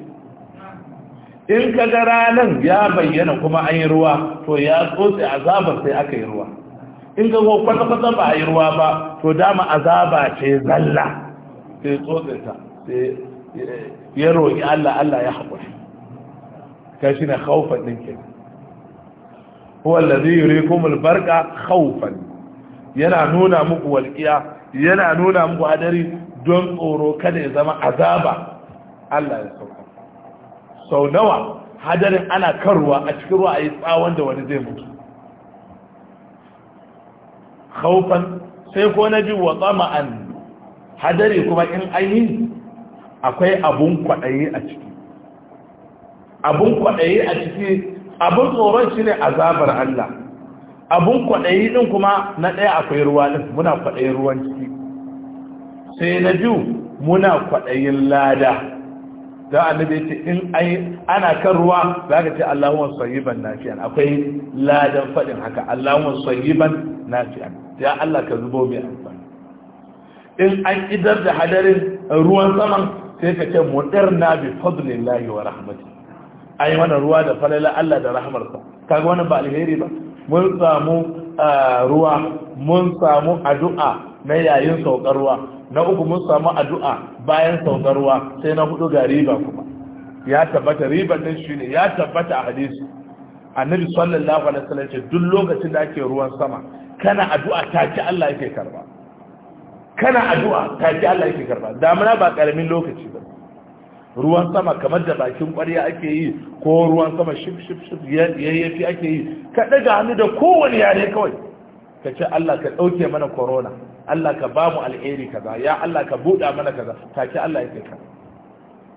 in ka ga ranar ya bayyana kuma an yi ruwa to ya tsotse azabar sai aka yi ruwa in ka ga ko kwata-kwata ba a yi ruwa ba to dama azaba ce zalla sai tsotse ta sai eh, ya roƙi Allah Allah ya haƙuri ta shi na haufan ɗin ke huwa lazi yuri kuma albarka haufan yana nuna muku walƙiya yana nuna muku hadari don tsoro kada ya zama azaba Allah ya sauka sau nawa hadarin ana kan ruwa a cikin ruwa a yi tsawon da wani zai mutu haufan sai ko na ji wa an hadari kuma in yi akwai abun kwaɗayi a ciki abun kwaɗayi a ciki abun tsoron shi ne azabar Allah abun kwaɗayi ɗin kuma na ɗaya akwai ruwa ɗin muna kwaɗayin ruwan ciki sai na biyu muna kwaɗayin lada don annabi ce in ana kan ruwa za ka ce allahumma sayyiban nafi'an akwai ladan faɗin haka allahumma sayyiban nafi'an ya allah ka zubo mai amfani in an idar da hadarin ruwan saman sai ka ce na bi fadlillahi wa rahmati ayi mana ruwa da falala allah da rahmarsa kaga wannan ba alheri ba mun samu ruwa mun samu addu'a na yayin saukar na uku mun samu addu'a bayan saukar sai na hudu ga riba kuma ya tabbata riba din ne ya tabbata a hadisi annabi sallallahu alaihi wasallam ce duk lokacin da ake ruwan sama kana addu'a ta ci Allah yake karba kana addu'a ta ci Allah yake karba damuna ba karamin lokaci ba ruwan sama kamar da bakin ƙwarya ake yi ko ruwan sama shif shif shif yayyafi ake yi ka ɗaga hannu da kowane yare kawai ka ce Allah ka ɗauke mana corona Allah ka ba mu alheri kaza ya Allah ka buɗa mana kaza ta ce Allah ya kai ka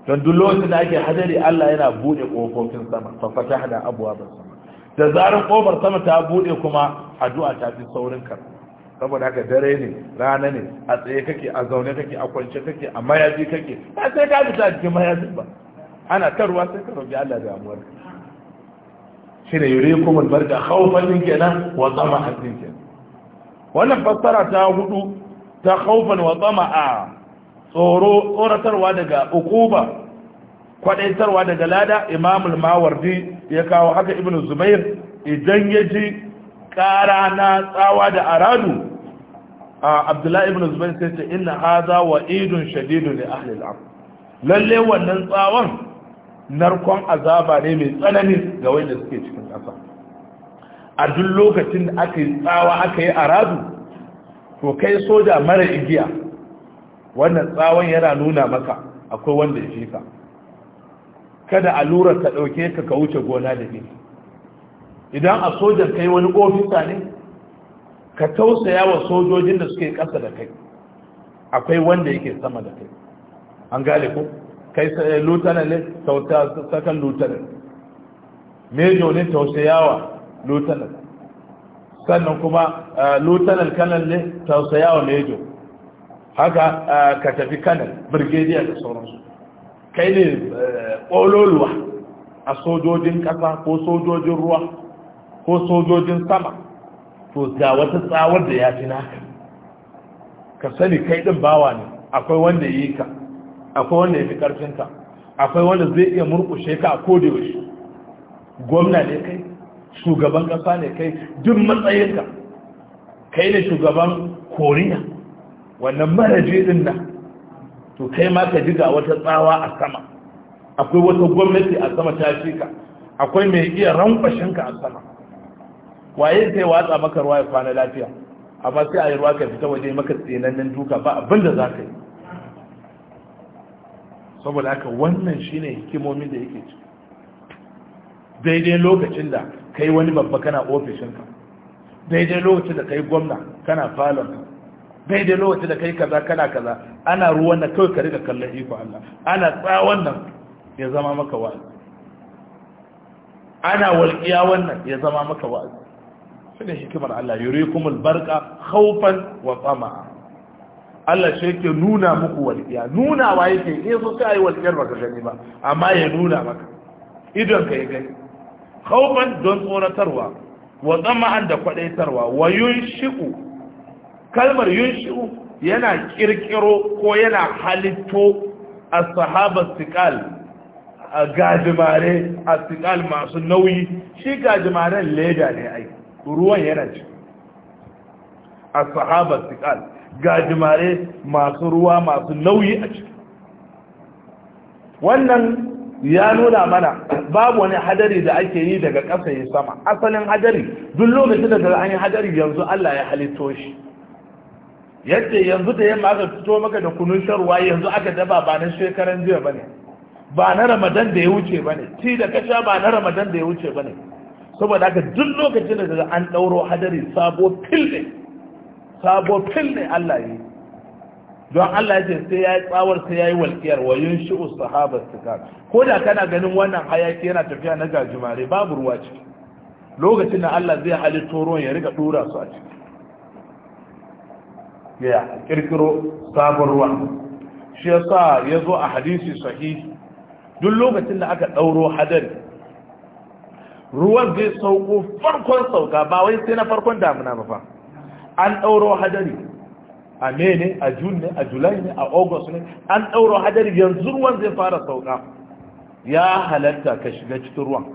don duk lokacin da ake hadari Allah yana buɗe ƙofofin sama fa fatahna abwaabas sama da zarar ƙofar sama ta buɗe kuma addu'a ta fi saurin karɓa saboda haka dare ne rana ne a tsaye kake a zaune kake a kwance kake a mayafi kake ba sai ka fita a cikin mayafin ba ana tarwa sai ka roƙi Allah da amuwar shi ne yuri kuma barka khawfan din kenan wa a din kenan wannan fassara ta hudu ta khawfan wa a tsoro tsoratarwa daga ukuba kwadaitarwa daga lada imamul mawardi ya kawo haka ibn zubair idan ya ji ƙara na tsawa da aradu abdullahi ibn zubair sai ce inna hadha wa'idun shadidun li ahli al-ard lalle wannan tsawon narkon azaba ne mai tsanani ga wanda suke cikin ƙasa a duk lokacin da aka yi tsawa aka yi aradu to kai soja mara igiya wannan tsawon yana nuna maka akwai wanda ya ka kada lura ta ɗauke ka ka wuce gona da ni idan a sojan kai wani ofisa ne ka tausaya wa sojojin da suke kasa da kai akwai wanda yake sama da kai an gane ko kai eh, lieutenant ne tauta sakan lieutenant major ne tausayawa lieutenant sannan kuma eh, lieutenant kanan ne tausayawa mejo haka eh, ka tafi kanan birgediya da sauransu kai ne ƙololuwa a sojojin ƙasa ko sojojin ruwa ko sojojin sama to ga wata tsawar da ya fi naka ka sani kai din bawa ne akwai wanda yi ka akwai wanda ya fi karfinka akwai wanda zai iya murkushe ka a koda yaushe gwamna ne kai shugaban kasa ne kai duk matsayinka kai ne shugaban koriya wannan maraji din nan to kai ma ka jiga wata tsawa a sama akwai wata gwamnati a sama ta ka akwai mai iya rankwashinka a sama waye sai watsa maka ruwa ya kwana lafiya amma sai a yi ruwa ka fita waje maka tsinannen duka ba abin da za ka yi saboda haka wannan shine hikimomin da yake ciki daidai lokacin da kai wani babba kana ofishinka daidai lokacin da kai gwamna kana falon ka, daidai lokacin da kai kaza kana kaza ana ruwan na kawai ka riga kallon iko Allah ana tsawon nan ya zama maka wa'azi ana walƙiya wannan ya zama maka wa'azi shine hikimar Allah kuma albarqa khawfan wa tama'a Allah shi yake nuna muku walƙiya nuna wa yake in so sai ayi walƙiyar baka gani ba amma ya nuna maka Idan ka yi gani khawfan don tsoratarwa wa da kwadaitarwa wa yunshi'u kalmar yunshi'u yana kirkiro ko yana halitto as sikal, siqal gajimare a masu nauyi shi gajimaren leda ne aiki. ruwan yana ci a sahabar sikal gajimare masu ruwa masu nauyi a ciki wannan ya nuna mana babu wani hadari da ake yi daga ƙasa ya sama asalin hadari duk lokacin da an yi hadari yanzu Allah ya halitto shi yadda yanzu da yamma aka fito maka da kunun sharwa yanzu aka daba ba na shekaran jiya bane ba na ramadan da ya wuce bane ci da kasha ba na ramadan da ya wuce bane saboda haka duk lokacin da an ɗauro hadari sabo fil ne sabo fil ne Allah yi don Allah ce sai ya yi tsawar sai ya yi walƙiyar wa yin shi'u sahabar sikar ko da kana ganin wannan hayaki yana tafiya na gajimare babu ruwa ciki lokacin da Allah zai halitto ruwan ya rika ɗora su a ciki ya kirkiro sabon ruwa shi sa ya zo a hadisi sahihi duk lokacin da aka ɗauro hadari ruwan zai sauko farkon sauka ba wai sai na farkon damuna ba fa an ɗauro hadari a may ne a june ne a july ne a august ne an ɗauro hadari yanzu ruwan zai fara sauka ya halatta ka shiga cikin ruwan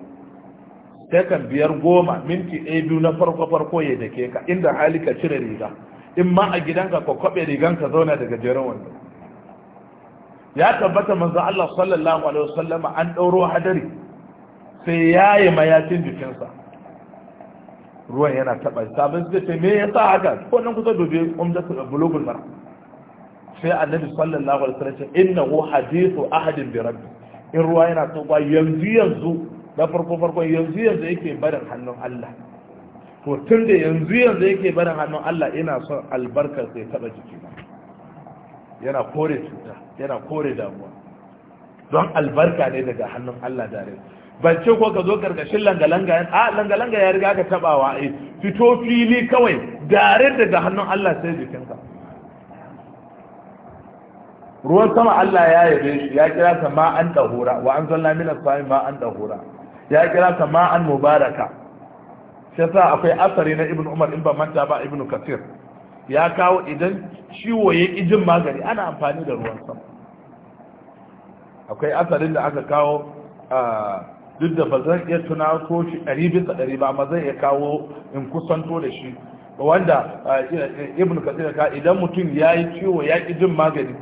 takan biyar goma minti ɗaya biyu na farko farko ya dake ka inda hali ka cire riga in ma a gidanka ka kwaɓe rigan ka zauna daga jerin wanda ya tabbata manzo Allah sallallahu alaihi wasallama an ɗauro hadari sai ya yi mayafin jikinsa ruwan yana taɓa sabon suka ce me ya sa haka ko nan kusa dobe umdatu da bulogun mara sai annabi sallallahu alaihi wasallam ce innahu hadithu ahadin bi rabbi in ruwa yana taɓa yanzu yanzu na farko farko yanzu yanzu yake barin hannun Allah to tun da yanzu yanzu yake barin hannun Allah ina son albarkar sai taɓa ba yana kore cuta yana kore damuwa don albarka ne daga hannun Allah rai ban ce ko ka zo karkashin langa-langa a langa ya riga ka tabawa ai eh, fito fili kawai dare daga hannun Allah sai jikinka ruwan sama Allah ya yabe shi ya kira ta ma an dahura wa an zalla min as ma an dahura ya kira ta ma an mubaraka sai sa akwai asari na ibnu umar in ba manta ba ibnu kasir ya kawo idan ciwo ya ki jin magani ana amfani da ruwan sama akwai asarin da aka kawo ah, duk da ba zan iya tuna ko shi ɗari bisa ɗari ba amma zai iya kawo in kusanto da shi wanda ibn kasir ka idan mutum ya yi ciwo ya ƙi jin magani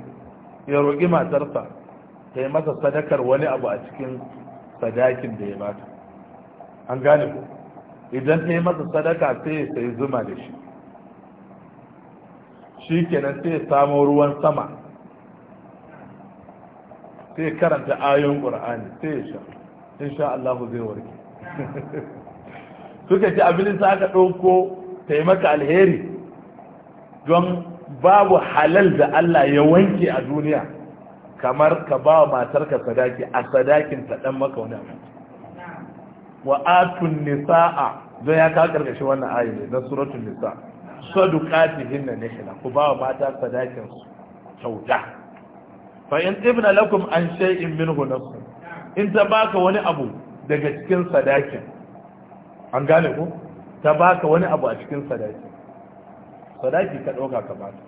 ya roƙi matarsa ta yi masa sadakar wani abu a cikin sadakin da ya bata an gane ku idan ta yi masa sadaka sai ya sayi zuma da shi shi kenan sai ya samo ruwan sama sai karanta ayon ƙur'ani sai ya sha insha Allah zai warke suka ce abin sa aka ɗauko taimaka alheri don babu halal da Allah ya wanke a duniya kamar ka ba wa matarka sadaki a sadakin ta dan maka wani wa atun nisaa don ya ka karkashin wannan ayi ne na suratul nisa sadukati na nihla ku ba wa mata sadakin su kyauta fa in tibna lakum an shay'in minhu nafsun in ta baka wani abu daga cikin sadakin an gane ku ta baka wani abu a cikin sadaki sadaki ka ɗauka ka bata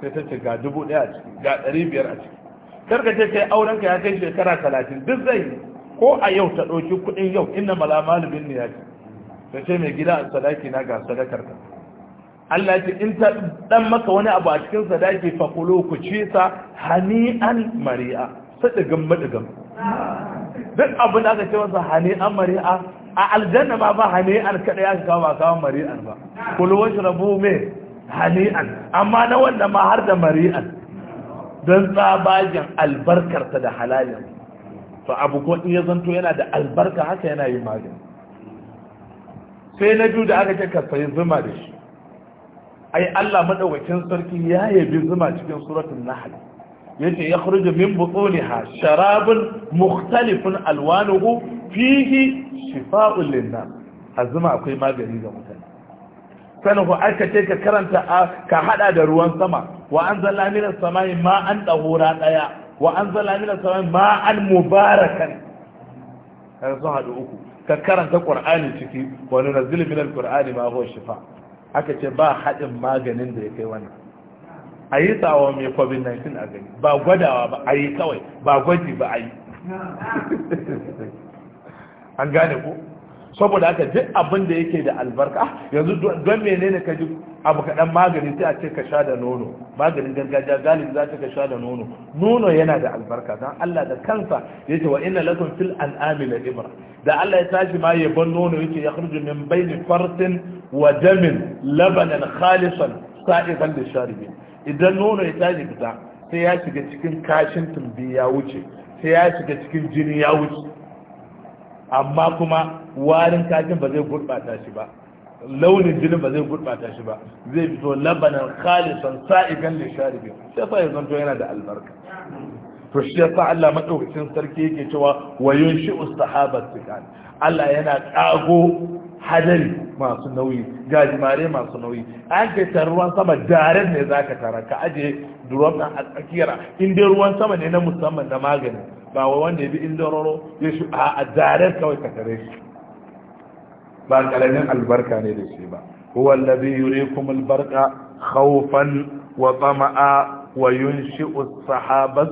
sai ta ce ga dubu ɗaya a ciki ga ɗari biyar a ciki karka ce kai aurenka ya kai shekara talatin duk zai ko a yau ta ɗauki kuɗin yau inna mala malibin ne ya ce ta ce mai gida a sadaki na ga sadakar ka Allah ce in ta dan maka wani abu a cikin sadaki fa ku ci sa hani'an mari'a sadagan madagan duk abin da aka ce masa hane an mari'a a aljanna ma ba hane an kaɗai aka kawo ba kawo mari'an ba kulwar shirabu mai hane an amma na wanda ma har da mari'an don tsabagen albarkarta da halayen. to abu ko in ya zanto yana da albarka haka yana yin magani sai na biyu da aka ce ka sayi zuma da shi ai Allah madaukakin sarki ya yabi zuma cikin suratul nahl yace yakhruju min ha sharabun mukhtalifun alwanuhu fihi shifa'un linnas azuma akwai magani ga mutane sanahu aka ce ka karanta ka hada da ruwan sama wa anzalna minas samai ma'an dahura daya wa anzalna minas samai ma'an mubarakan kaga sun hadu uku ka karanta qur'ani ciki wa nunazzilu minal qur'ani ma huwa shifa aka ce ba hadin maganin da ya kai wannan a yi tsawa mai covid-19 a gani ba gwadawa ba a yi kawai ba gwaji ba a yi an gane ko saboda aka duk abin da yake da albarka yanzu don menene ka ji abu kaɗan magani sai a ce ka sha da nono maganin gargajiya galibi za ta ka sha da nono nono yana da albarka don Allah da kansa ya ce wa ina lakum fil an'ami da ibra da Allah ya tashi ma ya ban nono yake ya khurju min bai bayni farsin wa damin labanan khalisan sa'idan lisharibin idan nono ya tashi fita sai ya shiga cikin kashin tumbi ya wuce sai ya shiga cikin jini ya wuce amma kuma warin kashin ba zai gurɓata shi ba launin jini ba zai gurɓata shi ba zai fito labanan khalisan sa'igan lisharibin sai fa ya zanto yana da albarka to shi yasa Allah madaukakin sarki yake cewa wayun shi ustahabat tikan Allah yana kago hadari masu nauyi gajimare masu nauyi an kai ta ruwan sama daren ne za ka tara ka aje durom ɗan a tsakiyar in dai ruwan sama ne na musamman na magani ba wa wanda ya bi in dororo ya shi a daren kawai ka tare shi ba kalamin albarka ne da shi ba huwa allazi yurikum albarqa khawfan wa tama'a wa yunshi'u as-sahaba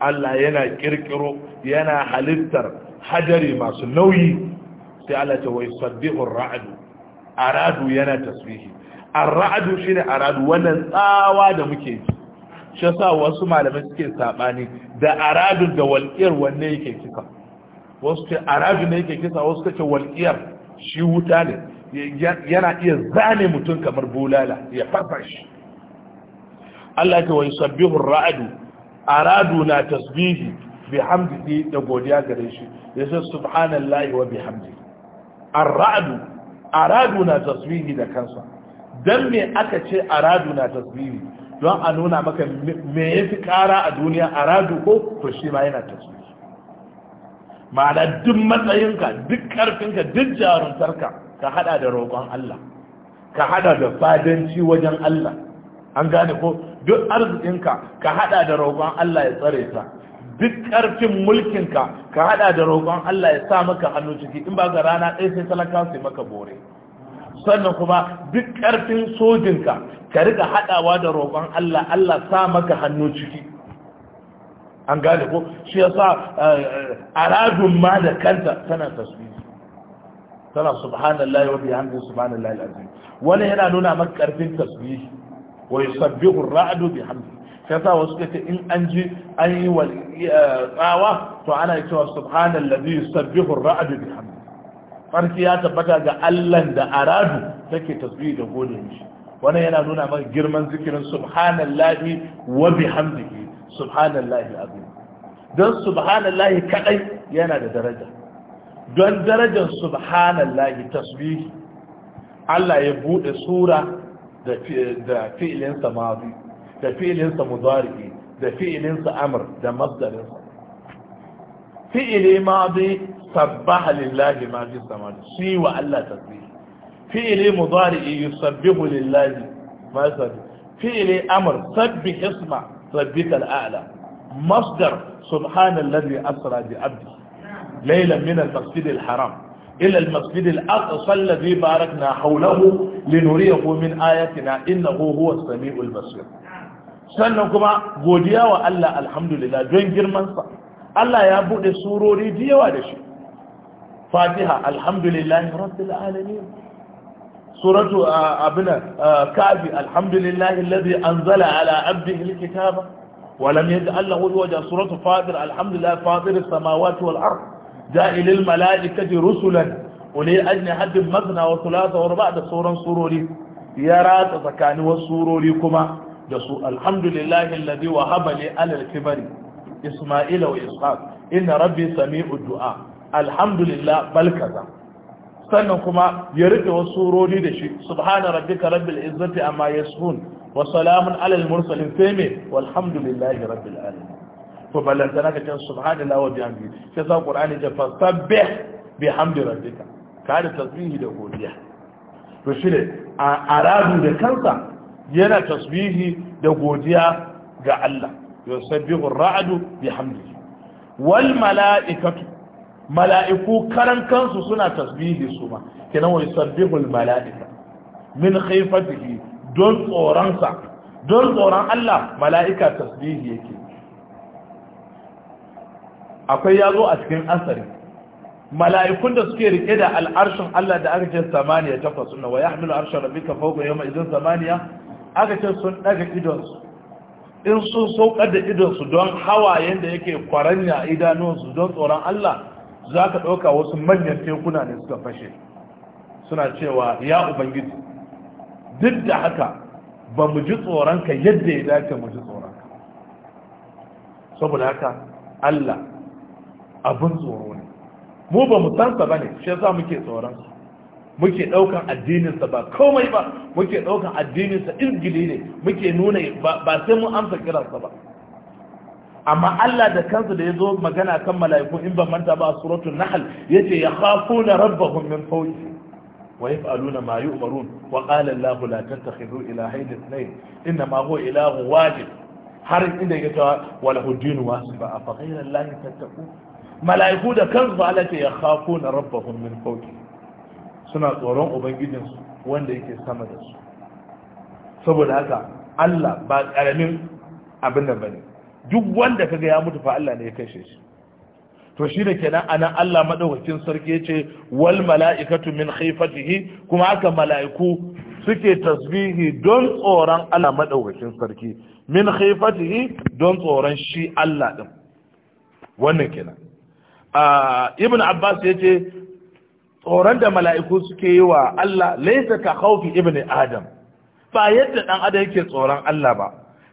Allah yana kirkiro yana halittar hadari masu nauyi sai Allah ta wai sabbihu ra'adu aradu yana tasbihi aradu shine aradu wannan tsawa da muke ji shi yasa wasu malamai suke saɓani da aradu da walqiyar wanne yake kisa wasu ce aradu ne yake kisa wasu ce walqiyar shi wuta ne yana iya zane mutum kamar bulala ya farfa shi Allah ta wai sabbihu ra'adu aradu na tasbihi bihamdihi da godiya gare shi yasa subhanallahi wa bi Hamdi? arra'adu aradu na taswihi da kansa dan me aka ce aradu na taswihi don a nuna maka me yafi kara a duniya aradu ko to shi ma yana taswihi ma'ana duk matsayinka duk karfinka duk jaruntarka ka hada da roƙon Allah ka hada da fadanci wajen Allah an gane ko duk arzikinka ka hada da roƙon Allah ya tsare ta duk ƙarfin mulkinka ka haɗa da roƙon Allah ya sa maka hannu ciki in ba ga rana ɗaya sai talaka su maka bore sannan kuma duk ƙarfin sojinka ka riga haɗawa da roƙon Allah Allah sa maka hannu ciki an gane ko shi ya sa eh, eh, aradun ma da kanta tana taswiri tana subhanallah wa bihamdihi subhanallahi alazim wani yana nuna maka ƙarfin tasbihi wa yusabbihu ar-ra'du bihamdihi sai sa wasu kace in an ji an yi tsawa to ana cewa subhanallazi yusabbihu ar-ra'd bihamdi farki ya tabbata ga Allah da aradu take tasbihi da gode mishi wannan yana nuna maka girman zikirin subhanallahi wa bihamdihi subhanallahi azim don subhanallahi kadai yana da daraja don darajar subhanallahi tasbihi Allah ya bude sura da fi'ilinsa mazi da fi'ilinsa mudari'i ده فعل انت امر ده مصدر انت فعل ماضي سبح لله ما في السماوات شيء والا تسبيح فعل مضارع يسبح لله ما في فعل امر سبح اسمع ربك الاعلى مصدر سبحان الذي اسرى بعبده ليلا من المسجد الحرام الى المسجد الاقصى الذي باركنا حوله لنريه من اياتنا انه هو السميع البصير sannan kuma godiya wa Allah alhamdulillah don girmansa Allah ya buɗe surori da yawa da shi fatiha alhamdulillah rabbil alamin suratu abuna kabi alhamdulillah alladhi anzala ala abdihi alkitaba wa lam yaj'al lahu iwaja suratu fatir alhamdulillah fatir as-samawati wal ard ja'il al malaikati rusulan ulil ajnihati mathna wa thulatha wa ruba' da sauran surori ya ratsa tsakanin wasu surori kuma da su alhamdulillahi alladhi wahaba li alal kibari isma'ila wa ishaq inna rabbi sami'u du'a alhamdulillah bal kaza sannan kuma ya rike wasu surori da shi subhana rabbika rabbil izzati amma yasifun wa salamun alal mursalin sai me walhamdulillahi rabbil alamin to ballantana ka ce subhanallahi wa bihamdihi sai sa qur'ani ta fasabbih bihamdi rabbika ka da tasbihi da godiya to shi ne a aradu da kansa yana tasbihi da godiya ga Allah yusabbihu ar-ra'du bihamdihi wal mala'ikatu mala'iku karan kansu suna tasbihi su ma kenan wa yusabbihu al-mala'ika min khayfatihi don tsoronsa don tsoron Allah mala'ika tasbihi yake akwai yazo a cikin asari mala'ikun da suke rike da al'arshin Allah da aka ce samaniya takwas suna wa ya hamilu arshin rabbika fawqa yawma idzin samaniya aka ce sun ɗaga idonsu in sun saukar da idonsu don hawayen da yake kwaranya idanunsu don tsoron Allah za ka ɗauka wasu manyan tekuna ne suka fashe suna cewa ya ubangiji duk da haka ba mu ji tsoronka yadda ya dace mu ji tsoronka saboda haka Allah abin tsoro ne mu ba mu sansa ba ne shi yasa muke tsoronsa muke ɗaukan addininsa ba komai ba muke ɗaukan addininsa irgili ne muke nuna ba sai mun amsa kiransa ba amma Allah da kansa da ya zo magana kan mala'iku in ban manta ba a suratul nahl yace ya khafuna rabbahum min fawqi wa yaf'aluna ma yu'marun wa qala Allah la tattakhidhu ilahayn ithnayn inma huwa ilahu wahid har inda yake cewa wal hudinu wasiba fa ghayra Allah tattaqu mala'iku da kansu Allah ya na rabbahum min fawqi suna tsoron ubangijinsu wanda yake sama da su saboda haka Allah ba karamin abin da bane duk wanda kaga ya mutu fa Allah ne ya kashe shi to shi da kenan anan Allah madaukakin sarki yace wal mala'ikatu min khifatihi kuma aka mala'iku suke tasbihi don tsoron Allah madaukakin sarki min khifatihi don tsoron shi Allah din wannan kenan ah, ibn Abbas yace tsoron da mala'iku suke yi wa Allah laisa ka haufi ibn adam ba yadda ɗan adam yake tsoron Allah ba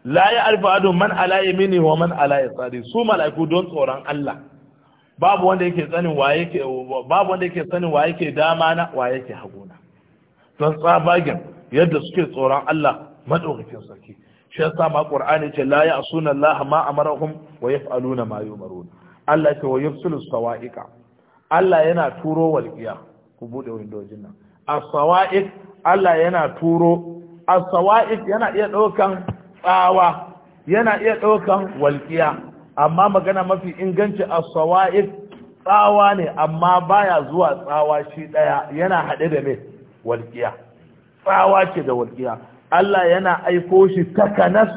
la yi alfa man ala mini wa man ala tsari su mala'iku don tsoron Allah babu wanda yake sanin wa yake babu wanda yake sanin wa yake dama na wa yake haguna don tsabagen yadda suke tsoron Allah madaukakin sarki shi yasa ma qur'ani ce la a asuna Allah ma amarahum wa yaf'aluna ma yumarun Allah ce wa yafsulu sawa'iqa Allah yana turo walƙiya ku bude windojin nan as-sawa'iq Allah yana turo as-sawa'iq yana iya ɗaukan tsawa yana iya daukan walƙiya amma magana mafi inganci as-sawa'iq tsawa ne amma baya zuwa tsawa shi ɗaya yana haɗe da me walƙiya tsawa ce da walƙiya Allah yana aiko shi takanas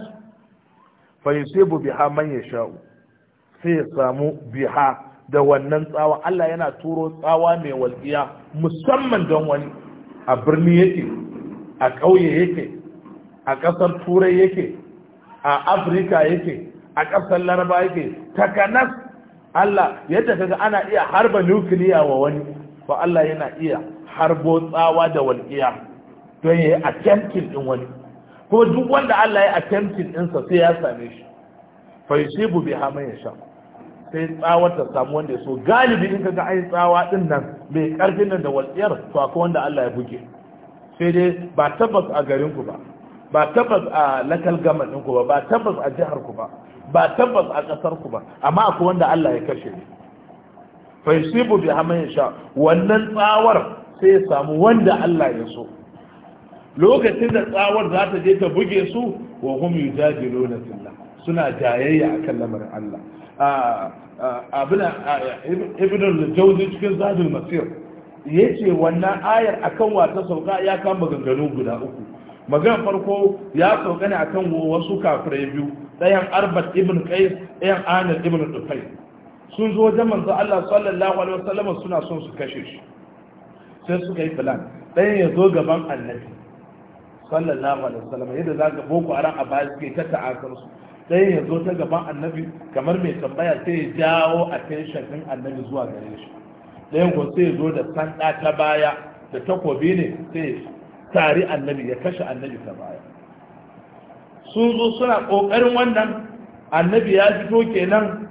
fa yusibu biha man yasha'u sai ya samu biha da wannan tsawa Allah yana turo tsawa mai walƙiya musamman don wani a birni yake a ƙauye yake a ƙasar turai yake a afirka yake a ƙasar laraba yake takanas Allah yadda kaga ana iya harba nukiliya wa wani ba Allah yana iya harbo tsawa da walƙiya don ya yi attempting ɗin wani kuma duk wanda Allah ya attempting ɗinsa sai ya same shi fa yusibu hama man yasha sai tsawar ta samu wanda ya so galibi in kaga ai tsawa din nan mai karfin nan da walƙiyar to akwai wanda Allah ya buge sai dai ba tabbas a garin ku ba ba tabbas a lakal gaman ku ba ba tabbas a jihar ku ba ba tabbas a ƙasar ku ba amma akwai wanda Allah ya kashe ne fa yusibu bi haman sha wannan tsawar sai ya samu wanda Allah ya so lokacin da tsawar za ta je ta buge su wa hum yujadiluna fillah suna jayayya akan lamarin Allah abin da jauzi cikin zadul masir ya ce wannan ayar akan wata sauka ya kama ganganu guda uku magan farko ya sauka ne akan wasu kafirai biyu ɗayan arbat ibn qais ɗayan anan ibn dufai sun zo wajen manzo Allah sallallahu alaihi wasallam suna son su kashe shi sai suka yi plan ɗayan ya zo gaban annabi sallallahu alaihi wasallam yadda za ka boko aran ran a baya suke ta ta'asar su sai ya zo ta gaban annabi kamar mai tambaya sai ya jawo kai din annabi zuwa gare shi ɗayan ko sai ya zo da sanda ta baya da takobi ne sai tari annabi ya kashe annabi ta baya sun zo suna ƙoƙarin wannan annabi ya fito kenan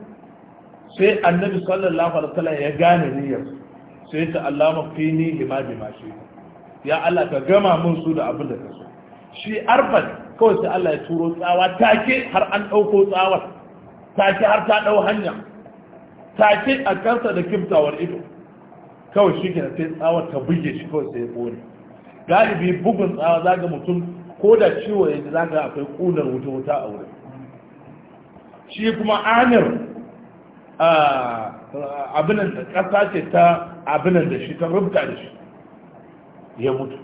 sai annabi sallallahu alaihi wasallam ya gane niyyar sai ta allama fini hima bi mashi ya Allah ka gama mun su da abin da ka so shi arfan kawai sai Allah ya turo tsawa take har an ɗauko tsawar take har ta ɗau hanya take a kansa da kimtawar ido kawai shi kina sai tsawar ta buge shi kawai sai ya ƙone galibi bugun tsawa za ga mutum ko da ciwo ya ji ga akwai ƙunar wuta wuta a wurin shi kuma amir abinan da ƙasa ce ta abinan da shi ta rubuta da shi ya mutu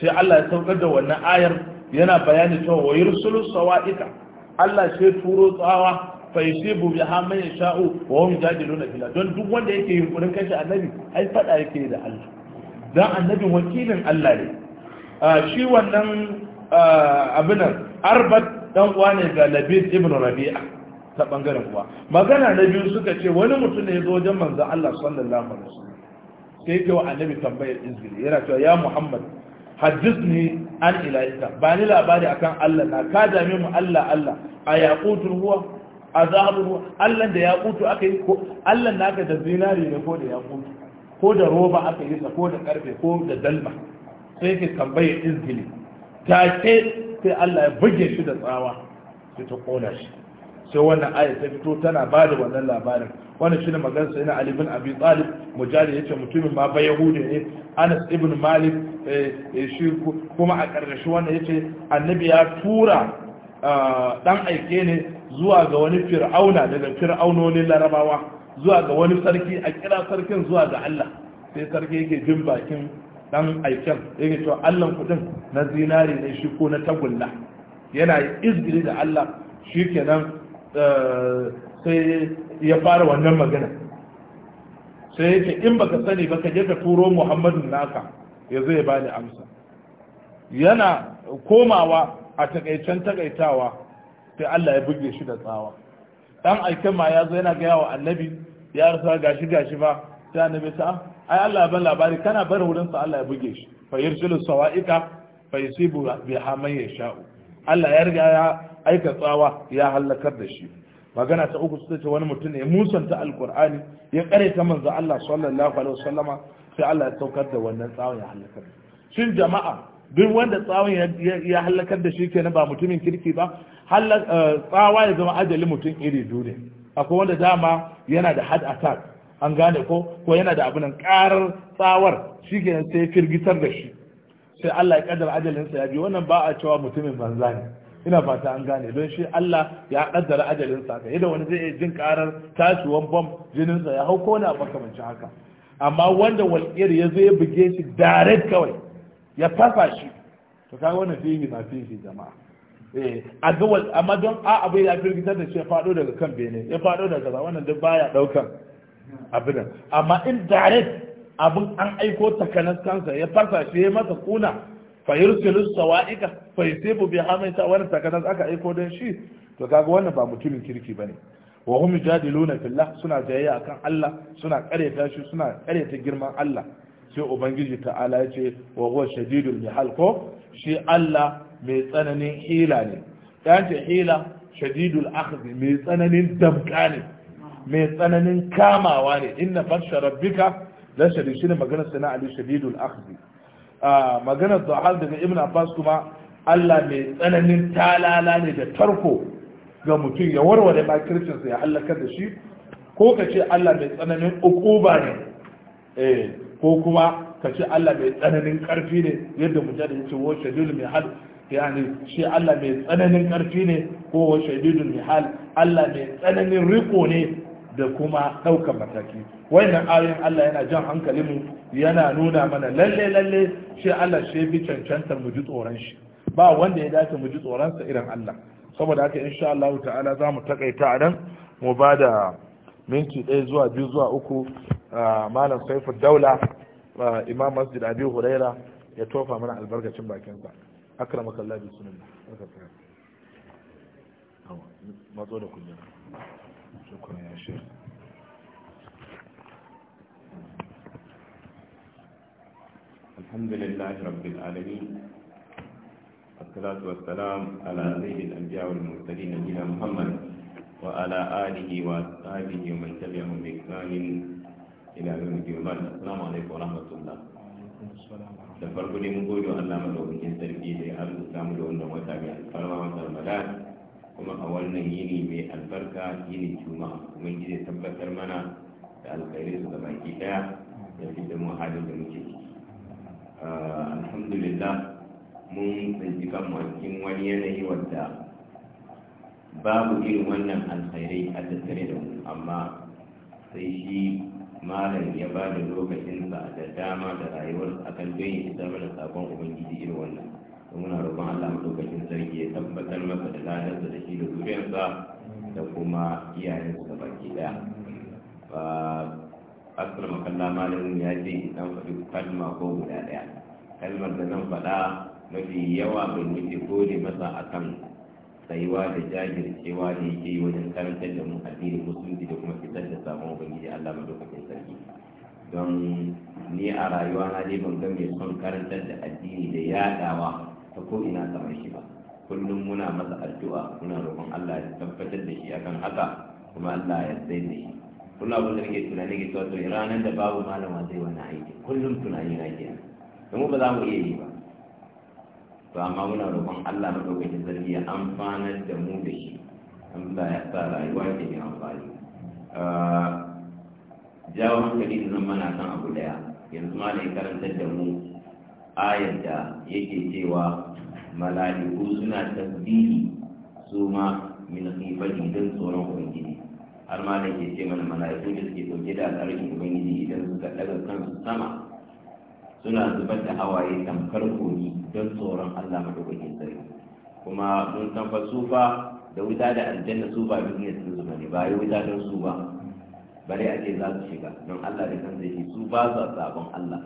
sai Allah ya saukar da wannan ayar yana bayani cewa wa yursilu sawa'iqa Allah sai turo tsawa fa yusibu biha man yasha'u wa hum jadiluna bila don duk wanda yake yunkurin kashi annabi ai fada yake da Allah dan annabi wakilin Allah ne shi wannan abinan arbat dan uwa ne ga labid ibn rabi'a ta bangaren kuwa magana na biyu suka ce wani mutum ne ya zo wajen manzo Allah sallallahu alaihi wasallam sai yake wa annabi tambayar izgiri yana cewa ya Muhammad ne an ilahika ba ni labari akan Allah na ka dame mu Allah Allah a yaƙutun ruwa a zahabul ruwa Allah da yaƙutu aka yi ko Allah naka da zinari ne ko da yaƙutu ko da roba aka yi sa ko da karfe ko da dalma sai ka tambaye izgili take sai Allah ya buge shi da tsawa sai ta kona shi sai wannan aya ta fito tana ba da wannan labarin wannan shine maganar sai na Ali bin Abi ya yace mutumin ma ba yahudi ne anas ibn malik eh, eh, shi kuma a ƙarƙashin wannan yace annabi ya tura dan ah, aike ne zuwa ga wani fir'auna daga fir'aunonin larabawa zuwa ga wani sarki a kira sarkin zuwa ga Allah sai sarki yake jin bakin dan aiken yake cewa Allah kudin na zinari ne shi ko na tagulla yana izgiri da Allah shi shikenan eh, sai ya fara wannan magana sai yake in baka sani ba ka je ka turo muhammadu naka ya zai bani amsa yana komawa a takaicen takaitawa sai Allah ya buge shi da tsawa dan ma ya zo yana gaya wa annabi ya rasa gashi gashi ba sai annabi ta ah, ai Allah ban labari kana bar wurin sa Allah ya buge shi fa yirsilu sawaika fa yusibu biha man sha'u Allah ya riga ya aika tsawa ya halakar da shi magana ta uku su ce wani mutum ne musanta alkur'ani ya kare ta manzo Allah sallallahu alaihi wasallama sai Allah ya saukar da wannan tsawon ya halaka shin jama'a duk wanda tsawon ya halakar da shi kenan ba mutumin kirki ba eh, tsawa ya zama ajali mutum iri biyu ne akwai wanda dama yana da hard attack an gane ko ko yana da abunan karar tsawar shi kenan sai firgitar da shi sai Allah ya kaddara ajalinsa ya bi wannan ba a cewa mutumin banza ne ina fata an gane don shi Allah ya kaddara ajalin sa ka yadda wani zai iya jin karar tashiwan bom jinin sa ya hau ko na makamancin haka amma wanda walƙir ya zo ya buge shi direct kawai ya fasa shi to kai wannan fihi na fihi jama'a eh a ga amma don a abai ya firgitar da shi ya fado daga kan bene ya fado daga kaza wannan duk baya daukan abin amma in direct abin an aiko takanas kansa ya fasa shi ya masa kuna fa yursilu sawa'ika fa yusibu biha man sawar takanas aka aiko dan shi to kaga wannan ba mutumin kirki bane wa hum jadiluna fillah suna jayayya akan Allah suna kareta shi suna kareta girman Allah sai ubangiji ta'ala ya ce wa huwa shadidul mihal ko shi Allah mai tsananin hila ne dan ce hila shadidul akhdh mai tsananin damka ne mai tsananin kamawa ne inna farsha rabbika la shadidul magana sana'a ali shadidul akhdh A maganar zuhal daga ibn abbas kuma allah mai tsananin talala ne da tarko ga mutum ya warware makircinsa ya halakar da shi ko ka ce allah mai tsananin ukuba ne eh, ko kuma ka ce allah mai tsananin karfi ne yadda mujahid ya ce wa shadul mai hal yani shi allah mai tsananin karfi ne ko wa mai hal? allah mai tsananin riko ne da kuma ɗaukar mataki wannan ayoyin Allah yana jan mu yana nuna mana lalle lalle shi Allah shi bi cancantar mu ji tsoron shi ba wanda ya dace mu ji tsoron sa irin Allah saboda haka insha Allah ta'ala za mu takaita a nan mu ba da minti ɗaya zuwa biyu zuwa uku malam saifu daula imam masjid abi huraira ya tofa mana albarkacin bakinsa akramaka Allah bismillah matso da kullum شكرا يا شيخ الحمد لله رب العالمين والصلاة والسلام على سيد الأنبياء والمرسلين نبينا محمد وعلى آله وأصحابه ومن تبعهم بإحسان إلى يوم الدين السلام عليكم ورحمة الله da farko dai mun gode wa Allah madaukakin sarki da ya arzuta mu da wannan wata mai alfarma wata kuma a wannan yini mai albarka yini juma'a ubangiji ya tabbatar mana da alkhairin su baki daya da fi da mu da muke ah, alhamdulillah mun tsinci kanmu cikin wani yanayi wadda babu irin wannan alkhairai a tattare da mu amma sai shi malam ya ba da lokacinsa da dama da rayuwarsa akan don ya isa mana sabon ubangiji irin wannan muna roƙon Allah madaukakin sarki ya tabbatar masa da ladarsa da shi da zuriyarsa da kuma iyayensa da baki daya asirar makalla malamin ya ce dan faɗi kalma ko guda ɗaya kalmar da zan faɗa mafi yawa ban wuce gode masa a kan tsayuwa da jajircewa da yake yi wajen karantar da mu addinin musulunci da kuma fitar da sabon ubangiji Allah madaukakin sarki don ni a rayuwa na ban ga mai son karantar da addini da yadawa ta ko ina kamar shi ba kullum muna masa addu'a muna roƙon Allah ya tabbatar da shi akan haka kuma Allah ya tsaye da shi kullum abin da nake tunani ke cewa to ranar da babu malama zai wani aiki kullum tunani na ke domin ba za mu iya yi ba to amma muna roƙon Allah na ɗaukacin zargi ya amfanar da mu da shi Allah ya sa rayuwa ce mai amfani ah, jawo hankali da zama na kan abu daya yanzu ma da ya karantar da mu ayar da yake cewa mala'iku suna tasbihi su ma min khifati dan tsoron ubangiji har ma da ke ce mana mala'iku da suke dauke da al'arkin ubangiji idan suka daga kansu sama suna zubar da hawaye tamkar kogi don tsoron allah madaukakin sarki kuma mun san fa su fa da wuta da aljanna su ba business sun zuba ne ba yi wuta don su ba bare a ce za su shiga don allah da kansa yake su ba su sabon allah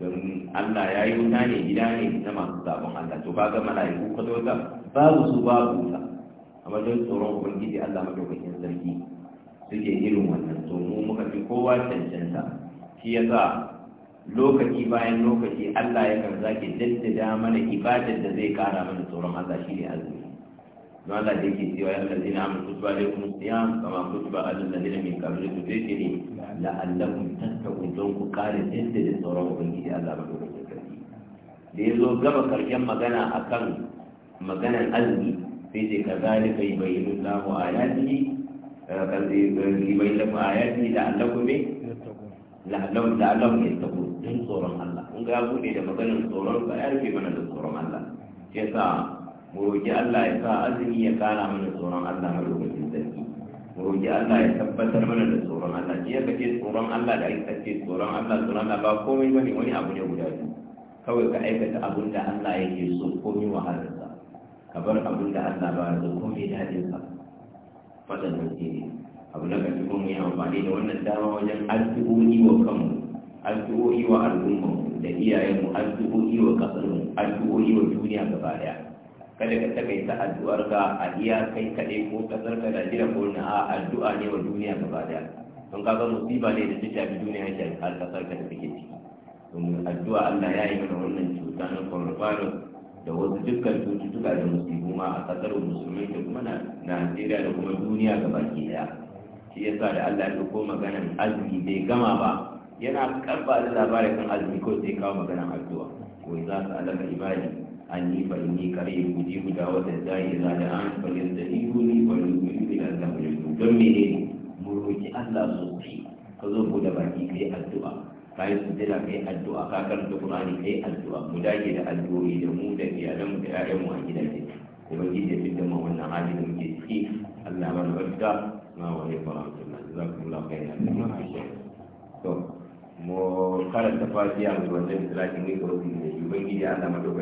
don Allah ya yi wuta ne gida ne na masu sabon Allah to ba ga mala'iku ka zo ga babu su babu wuta amma don tsoron ubangiji Allah madaukakin sarki suke irin wannan to mu muka fi kowa cancanta shi yasa lokaci bayan lokaci Allah ya kan zaki daddada mana ibadar da zai kara mana tsoron Allah shi ne azumi don Allah da yake cewa yan lazina amin kutuba alaikum siyam kama kutuba alal lazina min qablikum fi kiri la'allakum tattaqun don ku kare jinda da tsoron ubangiji Allah ba lokacin sarki da yazo gaba karshen magana akan maganan azumi sai ce kazalika yubayyinu Allahu ayatihi yubayyinu lakum ayatihi la'allakum la'allakum la'allakum yattaqun don tsoron Allah kun ga da maganar tsoron ba ya rufe mana da tsoron Allah yasa mu roƙi Allah ya sa azumi ya kara mana tsoron Allah lokacin sarki mu roƙi Allah ya tabbatar mana da tsoron Allah jiya ka ce tsoron Allah da aka ce tsoron Allah tsoron Allah ba komai bane wani abu ne guda biyu kawai ka aikata abin da Allah yake so komai wahalarsa ka bar abin da Allah ba ya so komai daɗinsa waɗannan shi ne abu na ƙarfi kuma yi amfani da wannan dama wajen addu'o'i wa kanmu addu'o'i wa al'ummarmu da iyayenmu addu'o'i wa ƙasarmu addu'o'i wa duniya gaba ɗaya kada ka taɓa ta addu'ar ka a iya kai kaɗai ko kasar ka Najeriya ko na a addu'a ne wa duniya gaba daya don ka ga musiba ne da ta shafi duniya ta shafi har kasar ka da take ciki domin addu'a Allah ya yi mana wannan cuta na coronavirus da wasu dukkan cututtuka da musibu ma a kasar musulmai da kuma na Najeriya da kuma duniya gaba daya shi yasa da Allah ya ko maganan azumi bai gama ba yana karɓa da labarin kan azumi ko sai kawo maganar addu'a ko za su alaka ibadi عني فإني قريب أجيب دعوة الداعي إذا دعان فليستجيبوني وليؤمنوا إلى الله يجوز دمي مروجي الله سبحانه كذوب دباكي في الدعاء kayan sujjada kai addu'a ka karanta Qur'ani kai addu'a mu dage da addu'o'i da mu da iyalan mu da ƴaƴan mu a gidaje ubangiji ya fitar mu wannan hali da muke ciki Allah ya mana barka ma wa ya fara sunna jazakumullahu khairan to mu karanta fatiha mu wannan salati mu ko ubangiji Allah madogari